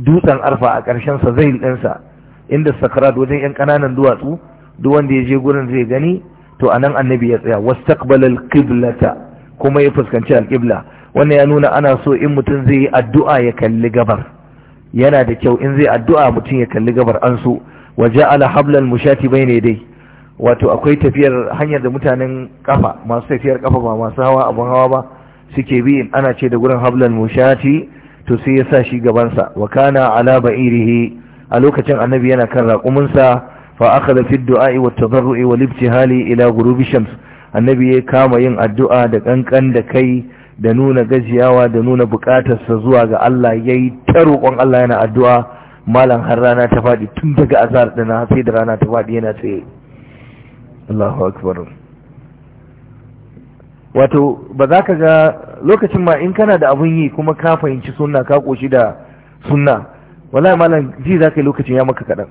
dutsen arfa a ƙarshen sa zail ɗinsa inda sakarat wajen yan ƙananan duwatsu duk wanda ya je gurin zai gani to anan annabi ya tsaya wastaqbala al kuma ya fuskanci al wannan ya nuna ana so in mutum zai yi addu'a ya kalli gabar yana da kyau in zai addu'a mutum ya kalli gabar an so waje alhablar hablal mushati bayna dai wato akwai tafiyar hanyar da mutanen kafa masu tafiyar kafa ba masu hawa abun hawa ba suke bi in ana ce da gurin hablal mushati to sai ya sa shi gabansa wa kana ala ba'irihi a lokacin annabi yana kan raƙuminsa fa akhadha fi du'a'i wa tadarru'i wal hali ila ghurubi shams annabi ya kama yin addu'a da kankan da kai da nuna gajiyawa da nuna bukatarsa zuwa ga Allah yayi ta roƙon Allah yana addu'a malam har rana ta faɗi tun daga azar ɗina sai da rana ta faɗi yana tsaye Allahu akbar wato ba za ka ga lokacin ma in kana da abun yi kuma ka fahimci sunna ka koshi da sunna wallahi malam ji za ka yi lokacin ya maka kaɗan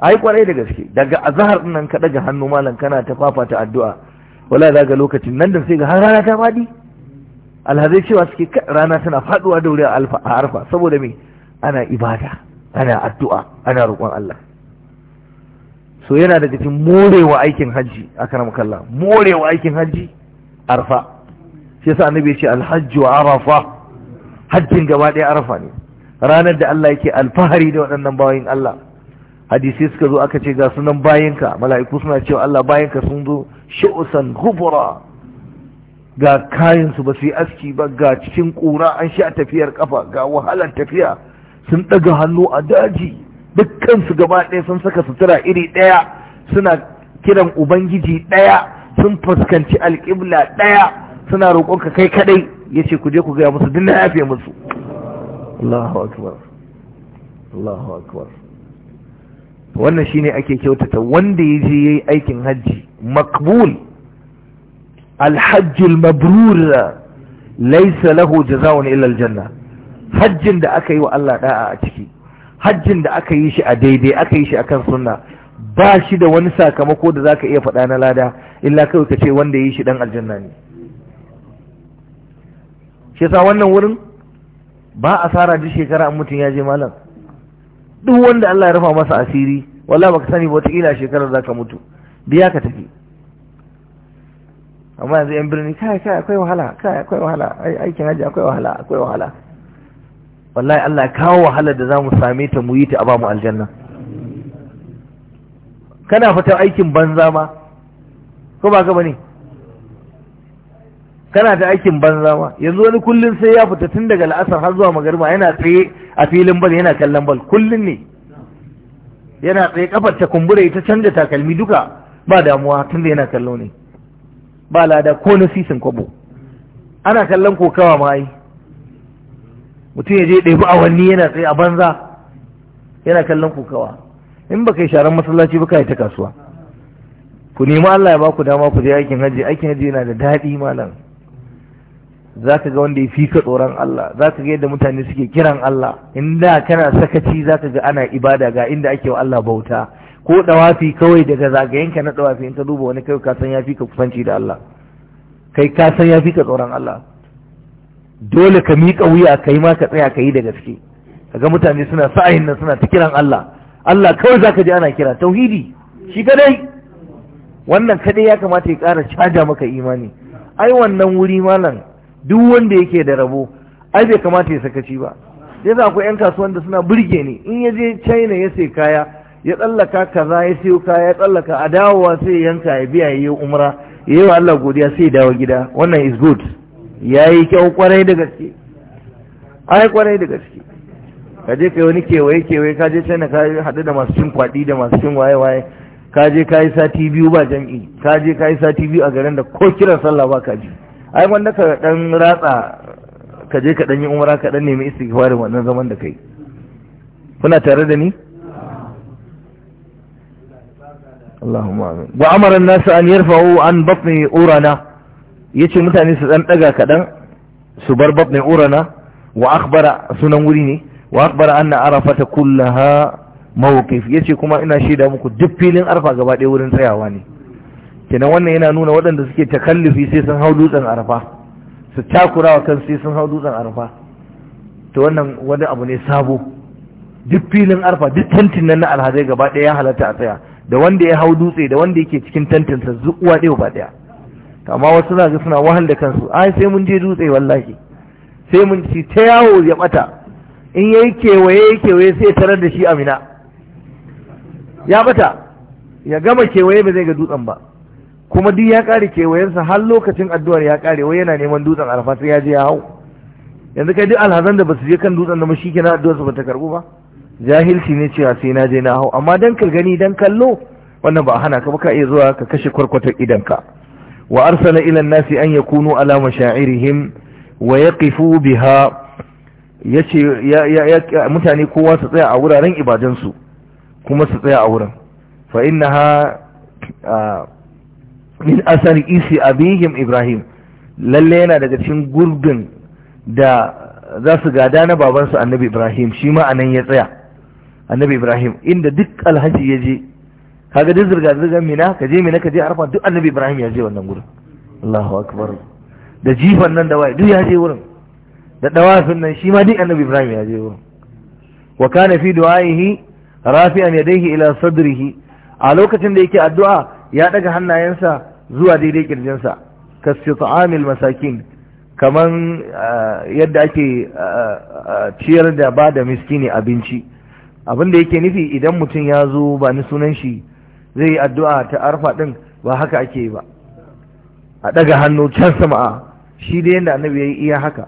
ai kwarai da gaske daga azhar ɗin nan ka ɗaga hannu malam kana ta fafata addu'a wallahi za ga lokacin nan da sai ga har rana ta faɗi alhazai cewa suke rana tana faɗuwa da wuri a arfa saboda me ana ibada ana addu'a ana roƙon Allah so yana da cikin morewa aikin hajji aka ramu kalla morewa aikin hajji arfa shi yasa annabi ya ce wa arafa hajjin gaba ɗaya arafa ne ranar da Allah yake alfahari da waɗannan bayin Allah hadisi suka zo aka ce ga sunan bayinka mala'iku suna cewa Allah bayinka sun zo shausan hubura ga kayansu ba su yi aski ba ga cikin ƙura an sha tafiyar kafa ga wahalar tafiya sun ɗaga hannu a daji dukkansu gaba ɗaya sun saka sutura iri ɗaya suna kiran ubangiji ɗaya sun fuskanci alƙibla ɗaya suna roƙonka kai kaɗai ya ce ku je ku gaya musu dinna yafe musu Allahu akbar Allahu wannan shine ake kyautata wanda ya je yayi aikin hajji makbul alhajjul mabrur laysa lahu jazaa'un illa aljanna hajjin da aka yi wa Allah da'a a ciki hajjin da aka yi shi a daidai aka yi shi akan sunna ba shi da wani sakamako da zaka iya faɗa na lada illa kawai ka ce wanda yi shi dan aljanna ne shi yasa wannan wurin ba asara duk shekara an mutum ya je malam duk wanda Allah ya rufa masa asiri wallahi baka sani ba wataƙila shekarar zaka mutu biya ka tafi amma yanzu yan birni kai kai akwai wahala kai akwai wahala aikin haji akwai wahala akwai wahala wallahi Allah ya kawo wahala da za mu same ta mu yi ta a ba mu aljanna kana fita aikin banza ma ko ba gaba ne kana ta aikin banza ma yanzu wani kullun sai ya fita tun daga al'asar har zuwa magarba yana tsaye a filin bal yana kallon bal kullun ne yana tsaye kafar ta kumbura ita canja takalmi duka ba damuwa tun da yana kallo ne ba lada ko na sisin kwabo ana kallon kokawa ma yi mutum ya je ɗebi awanni yana tsaye a banza yana kallon kokawa in baka yi sharan masallaci ba ka yi ta kasuwa ku nemi Allah ya baku dama ku je aikin hajji aikin hajji yana da daɗi malam za ka ga wanda ya fi ka tsoron Allah za ka ga yadda mutane suke kiran Allah inda kana sakaci za ka ga ana ibada ga inda ake wa Allah bauta ko dawafi kawai daga zagayenka na dawafi in ka duba wani kai ka san ya fi ka kusanci da Allah kai ka san ya fi ka tsoron Allah dole ka miƙa wuya ka yi ma ka tsaya ka yi da gaske kaga mutane suna sa'ayin nan suna ta kiran Allah Allah kawai zaka ji ana kira tauhidi shi kadai wannan kadai ya kamata ya ƙara caja maka imani ai wannan wuri malam duk wanda yake da rabo ai bai kamata ya sakaci ba yasa akwai yan kasuwan da suna burge ni in ya je China ya sai kaya ya tsallaka kaza ya sayo kaya ya tsallaka a dawowa sai yanka ya biya ya yi umra ya yi wa Allah godiya sai ya dawo gida wannan is good ya yi kyau kwarai da gaske ai kwarai da gaske ka je ka yi wani kewaye kewaye ka je china ka haɗu da masu cin kwaɗi da masu cin waye waye ka je ka yi sati biyu ba jam'i ka je ka yi sati biyu a garin da ko kiran sallah ba ka ji ai wanda ka dan ratsa ka je ka dan yi umra ka dan nemi istighfarin wannan zaman da kai kuna tare da ni اللهم امين وامر الناس ان يرفعوا عن بطن اورانا ya ce mutane su ɗan ɗaga kaɗan su bar bab mai urana wa akbara sunan wuri ne wa akbara an na arafa ta kullaha mawakif ya ce kuma ina shaida muku duk filin arfa gaba ɗaya wurin tsayawa ne kenan wannan yana nuna waɗanda suke takallufi sai sun hau dutsen arfa su takura wa kansu sai sun hau dutsen arfa to wannan wani abu ne sabo duk filin arfa duk tantin nan na alhazai gaba ɗaya ya halatta a tsaya da wanda ya hau dutse da wanda yake cikin tantinsa zuwa ɗaya ba ɗaya amma wasu za ga suna wahal da kansu ai sai mun je dutse wallahi sai mun ci ta yawo ya bata in yayi kewaye kewaye sai tarar da shi amina ya bata ya gama kewaye ba zai ga dutsen ba kuma duk ya kare kewayensa har lokacin addu'ar ya kare wai yana neman dutsen arfa sai ya je ya hau yanzu kai duk alhazan da basu je kan dutsen da shi kenan addu'arsa ba ta karbu ba jahilci ne cewa sai na je na hau amma dan ka gani dan kallo wannan ba hana ka ba ka iya zuwa ka kashe kwarkwatar idanka وأرسل إلى الناس أن يكونوا على مشاعرهم ويقفوا بها yace mutane kowa su tsaya a wuraren ibadansu kuma su tsaya a wurin fa innaha min asar isi abihim ibrahim lallai yana daga cikin gurbin da za su gada na babansu annabi ibrahim shima ma anan ya tsaya annabi ibrahim inda duk alhaji ya je kaga duk zirga zirgar mina ka je mina ka je arfa duk annabi ibrahim ya je wannan gurin allahu akbar da jifan nan da waye duk ya je wurin da dawafin nan shi ma duk annabi ibrahim ya je wurin wa kana fi du'aihi rafi'an yadayhi ila sadrihi a lokacin da yake addu'a ya daga hannayensa zuwa daidai kirjinsa kasita'amil masakin kaman eh, yadda ake eh, eh, ciyar da ba da miskini abinci abin da yake nufi idan mutum ya zo ba ni sunan shi zai yi addu'a ta arfa ɗin ba haka ake yi ba a ɗaga hannu can sama a shi da yadda annabi ya yi iya haka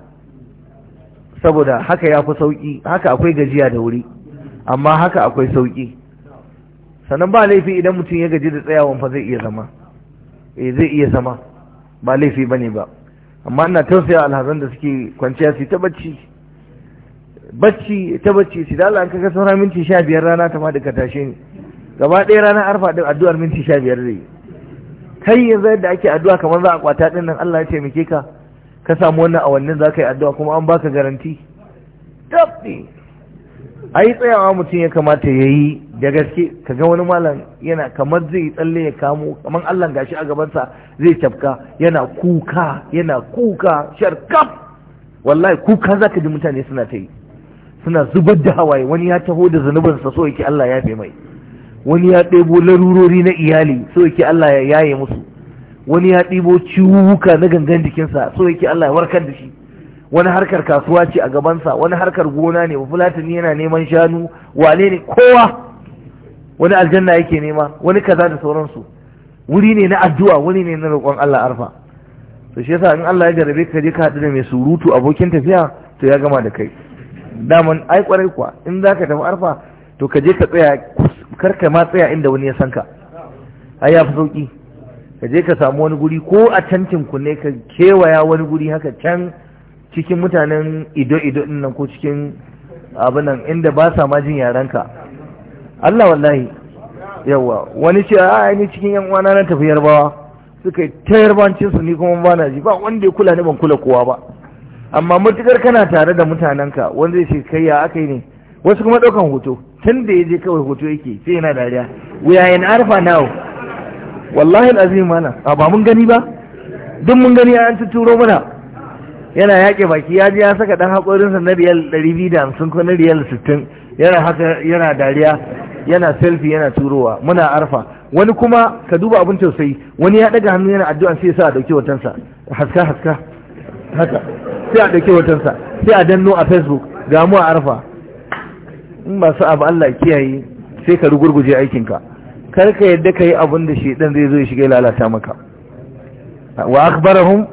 saboda haka ya fi sauƙi haka akwai gajiya da wuri amma haka akwai sauƙi sannan ba laifi idan mutum ya gaji da tsayawan fa zai iya zama eh zai iya zama ba laifi ba ne ba amma ina tausaya alhazan da suke kwanciya su ta bacci bacci ta bacci su dala an kaga sauran minti sha biyar rana ta ma da ka tashe ni gaba ɗaya ranar arfa ɗin addu'ar minti sha biyar zai kai yanzu yadda ake addu'a kamar za a kwata ɗin nan Allah ya taimake ka ka samu wannan awannin za ka yi addu'a kuma an baka garanti tabbi a yi tsayawa mutum ya kamata ya yi da gaske ka ga wani malam yana kamar zai yi tsalle ya kamo kamar Allah gashi a gabansa zai tafka yana kuka yana kuka sharkaf wallahi kuka za ka ji mutane suna ta yi suna zubar da hawaye wani ya taho da zunubinsa so yake Allah ya fi mai wani ya ɗebo larurori na iyali so yake Allah ya yaye musu wani ya ɗebo ciwuka na gangan jikinsa so yake Allah ya warkar da shi wani harkar kasuwa ce a gabansa wani harkar gona ne fulatani yana neman shanu wane ne kowa wani aljanna yake nema wani kaza da sauransu wuri ne na addu'a wuri ne na roƙon Allah arfa to shi yasa in Allah ya jarabe ka je ka haɗu da mai surutu abokin tafiya to ya gama da kai daman ai kwarai kuwa in zaka tafi arfa to ka je ka tsaya karka ma tsaya inda wani ya san ka ai ya fi sauki ka je ka samu wani guri ko a cancin ku ne ka kewaya wani guri haka can cikin mutanen ido-ido nan ko cikin abin nan inda ba sa ma jin yarenka Allah wallahi yawa wani ce a ni cikin yan uwana na tafi yarbawa suka yi ta yarbancin su ni kuma ba na ji ba wanda ya kula ni ban kula kowa ba amma matukar kana tare da mutanenka wanda zai ce kai ya aka yi ne wasu kuma ɗaukan hoto tun da ya je kawai hoto yake sai yana dariya we are in arfa now wallahi alazim mana a ba mun gani ba duk mun gani an tuturo mana yana yaƙe baki ya je ya saka dan hakorin sa na riyal 250 ko na riyal 60 yana haka yana dariya yana selfie yana turowa muna arfa wani kuma ka duba abin tausayi wani ya daga hannu yana addu'a sai ya sa a dauki watansa haska haska haka sai a dauki watansa sai a danno a facebook ga mu a arfa in ba su abu Allah kiyaye sai ka rugurguje aikinka kar ka yadda ka yi abin da shi ɗan zai zo ya shiga lalata maka wa akbarahum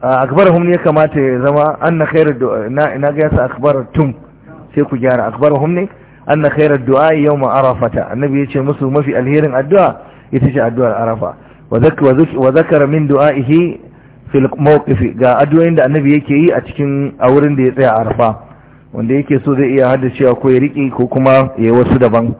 akbarahum ne kamata ya zama anna khairar du'a na ga yasa akbaratum sai ku gyara akbarahum ne anna khairar du'a yawma arafata annabi yace musu mafi alherin addu'a ita ce addu'ar arafa wa zakara min du'a'ihi fil mawqifi ga addu'o'in da annabi yake yi a cikin a wurin da ya tsaya arafa wanda yake so zai iya haddacewa ko ya riƙe ko kuma ya wasu daban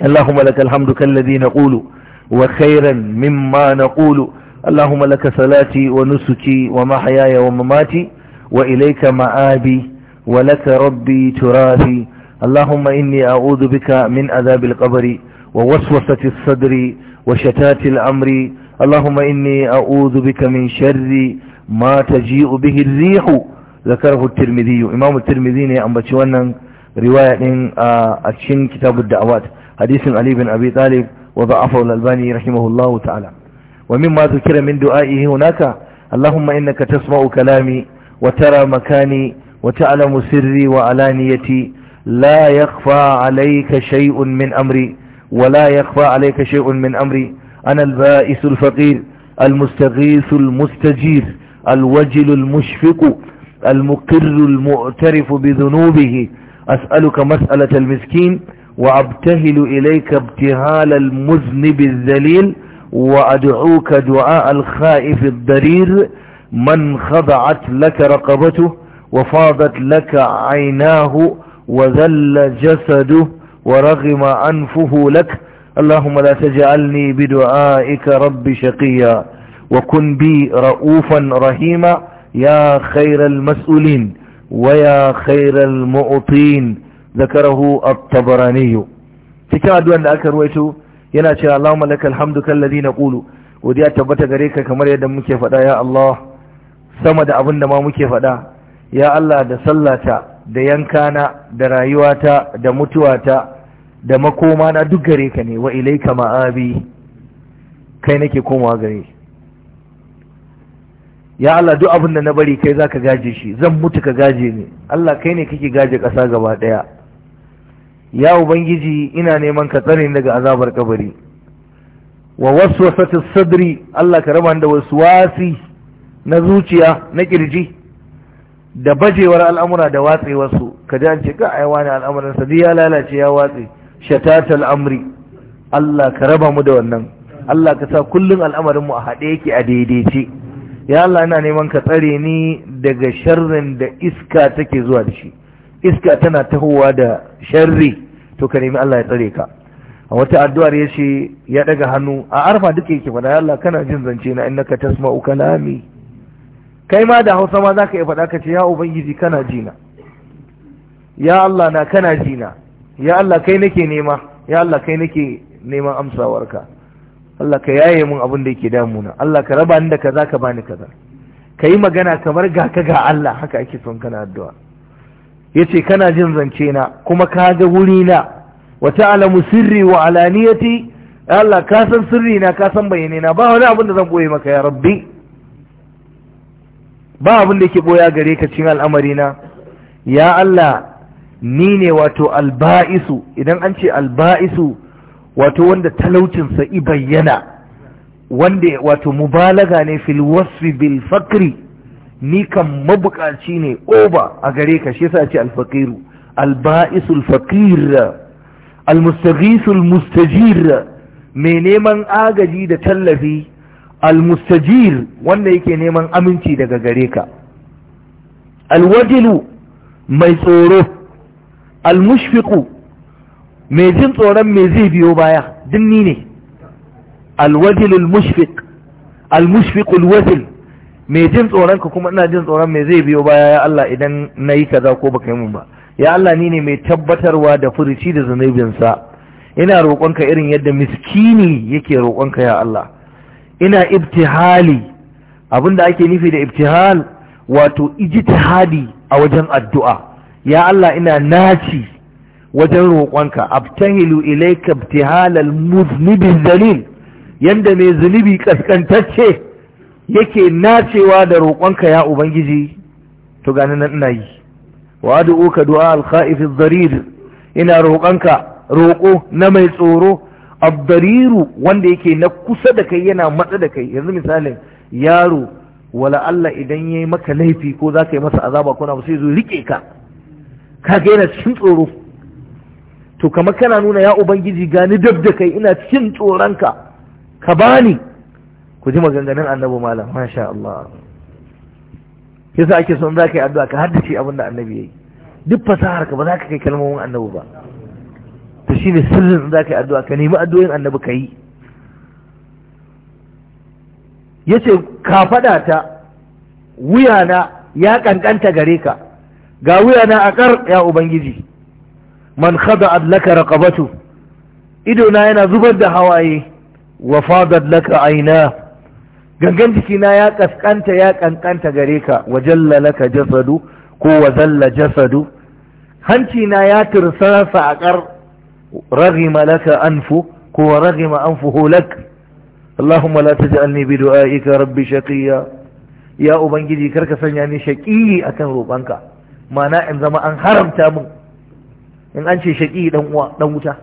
Allahumma lakal hamdu kallazi naqulu wa khairan mimma naqulu Allahumma laka salati wa nusuki wa mahyaya wa mamati wa ilayka ma'abi wa laka rabbi turafi Allahumma inni a'udhu bika min azabil qabri wa waswasati sadri wa shatati al-amri Allahumma inni a'udhu bika min sharri ma taji'u bihi ar-rihu zakarahu at-tirmidhi imam tirmidhi ne ambaci wannan riwaya din a cikin kitabud da'awat hadisin ali bin abi talib wa da'afahu al-albani rahimahullahu ta'ala wa mimma kiran min du'a'ihi hunaka allahumma innaka tasma'u kalami wa tara makani wa ta'lamu sirri wa alaniyati la yakhfa 'alayka shay'un min amri ولا min amri شيء من أمري أنا البائس الفقير المستغيث المستجير الوجل المشفق المقر المعترف بذنوبه أسألك مسألة المسكين وأبتهل إليك ابتهال المذنب الذليل وأدعوك دعاء الخائف الضرير من خضعت لك رقبته وفاضت لك عيناه وذل جسده ورغم أنفه لك اللهم لا تجعلني بدعائك رب شقيا وكن بي رؤوفا رحيما Ya يا خير المسؤولين ويا خير المعطين ذكره الطبراني cikin addu'an da aka ruwaito yana cewa Allahumma lakal hamdu kulu.' naqulu godiya tabbata gare ka kamar yadda muke faɗa ya Allah sama da abin da ma muke faɗa ya Allah da sallata da yankana da rayuwata da mutuwata da makoma na duk gare ka ne wa ilaika ma'abi kai nake komawa gare ya Allah duk abin da na bari kai za ka gaje shi zan mutu ka gaje ni Allah kai ne kake gaje ƙasa gaba ɗaya ya ubangiji ina neman ka tsare daga azabar kabari wa waswasatis sadri Allah ka raba da waswasi na zuciya na kirji da bajewar al'amura da watsi wasu, ka ji an ce ga aiwa ne al'amuran sa ya lalace ya watsi shatatal amri Allah ka raba mu da wannan Allah ka sa kullun al'amarin mu a haɗe yake a daidaice ya Allah ina neman ka tsare ni daga sharrin da iska take zuwa da shi iska tana tahowa da sharri to ka nemi Allah ya tsare ka a wata addu'ar ya ce ya daga hannu a arfa duka yake faɗa ya Allah kana jin zance na innaka tasma'u kalami kai ma da Hausa ma zaka iya faɗa ka ce ya ubangiji kana jina ya Allah na kana jina ya Allah kai nake nema ya Allah kai nake neman amsawarka Allah ka yaye mun abin da yake damuna Allah ka raba ni da kaza ka bani kaza ka yi magana kamar ga ka ga Allah haka ake son kana addu'a yace kana jin zance na kuma ka ga wuri na wa ta'lamu sirri wa alaniyati Allah ka san sirri na ka san bayyane na ba wani abin da zan boye maka ya rabbi ba abin da yake boya gare ka cin al'amari na ya Allah ni ne wato alba'isu idan an ce alba'isu wato wanda talaucinsa i bayyana wanda wato mubalaga ne fil wasfi bil fakri ni kan mabukaci ne oba a gare ka shi yasa ce al faqiru al faqir al mustajir mai neman agaji da tallafi al mustajir wanda yake neman aminci daga gare ka al mai tsoro al mai jin tsoron mai zai biyo baya dinni ne alwajilul mushfiq almushfiqul wajil mai jin tsoron ka kuma ina jin tsoron mai zai biyo baya ya Allah idan nayi kaza ko baka yi mun ba ya Allah ni ne mai tabbatarwa da furuci da sa ina rokonka irin yadda miskini yake ka ya Allah ina ibtihali abinda ake nufi da ibtihal wato ijtihadi a wajen addu'a ya Allah ina naci wajen roƙonka abtahilu ilayka ibtihalal muznibi zalil yanda mai zunubi kaskantacce yake nacewa da roƙonka ya ubangiji to gani nan ina yi wa ad'uka du'a al-kha'if adh-dharir ina roƙonka roƙo na mai tsoro adh wanda yake na kusa da kai yana matsa da kai yanzu misalin yaro wala Allah idan yayi maka laifi ko zaka yi masa azaba ko na sai zo rike ka ka yana cikin tsoro to kamar kana nuna ya ubangiji gani dab da kai ina cikin tsoronka ka bani ku ji maganganun annabi malam masha Allah yasa ake son za ka yi addu'a ka haddace abin da annabi ya yi duk fasahar ka ba za ka kai kalmomin annabi ba to shine sirrin za ka yi addu'a ka nemi addu'o'in annabi ka yi yace ka fada ta wuyana ya kankanta gare ka ga wuyana a kar ya ubangiji man khada'at laka raqabatu idona yana zubar da hawaye wa fadat laka aina gangan jikina ya kaskanta ya kankanta gare ka wa jalla laka jasadu ko wa zalla jasadu hanci na ya tursasa a kar raghima laka anfu ko raghima anfuhu lak Allahumma la taj'alni bi du'aika rabbi shaqiya ya ubangiji karka sanya ni shaqiyi akan roƙonka mana in zama an haramta mun in an ce shaƙi dan uwa ɗan wuta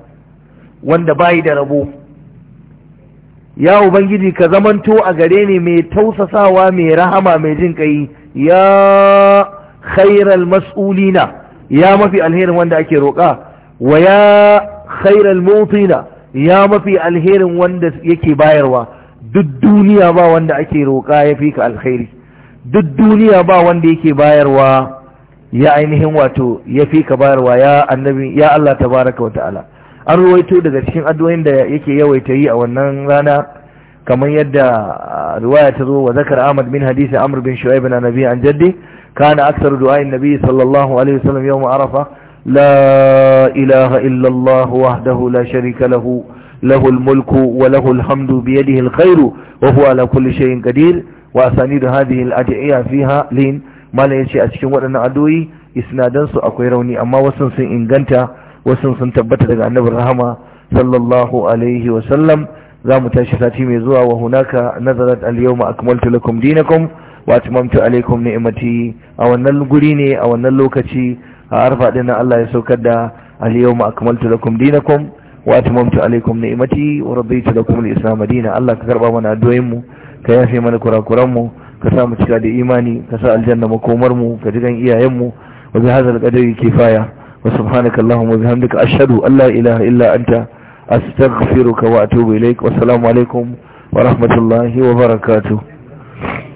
wanda bayi da rabo ya ubangiji ka zamanto a gare ni mai tausasawa mai rahama mai jin kai ya khairal mas'ulina ya mafi alherin wanda ake roƙa wa ya khairal mutina ya mafi alherin wanda yake bayarwa duk duniya ba wanda ake roƙa ya fi ka alkhairi duk duniya ba wanda yake bayarwa ya ainihin wato ya fi ka bayarwa ya annabi ya Allah tabaraka wa ta'ala an ruwaito daga cikin addu'o'in da yake yawaita yi a wannan rana kamar yadda riwaya ta zo wa zakar Ahmad bin hadisi Amr bin Shu'aib bin Nabi an jaddi kana aksar du'a'in Nabi sallallahu alaihi wasallam yawm Arafa la ilaha illa Allah wahdahu la sharika lahu lahu al-mulku wa lahu al-hamdu bi yadihi al-khairu wa huwa ala kulli shay'in qadir wa asanid hadhihi al-ad'iya fiha lin malam yace a cikin waɗannan addu'o'i isnadan su akwai rauni amma wasu sun inganta wasu sun tabbata daga annabi rahama sallallahu alaihi wa sallam zamu tashi sati mai zuwa wa hunaka nazarat al-yawma akmaltu lakum dinakum wa atmamtu alaykum ni'mati a wannan guri ne a wannan lokaci a arfa din Allah ya saukar da al-yawma akmaltu lakum dinakum wa atmamtu alaykum ni'mati wa raditu lakum al-islam dinan Allah ka karba mana addu'o'in mu ka yafe mana kurakuran mu ka sa mu cika da imani ka sa aljanna makomar mu ka jigan iyayen mu wa bi hadzal qadri kifaya wa subhanaka allahumma wa bihamdika ashhadu an la ilaha illa anta astaghfiruka wa atubu ilaik wa assalamu alaikum wa rahmatullahi wa barakatuh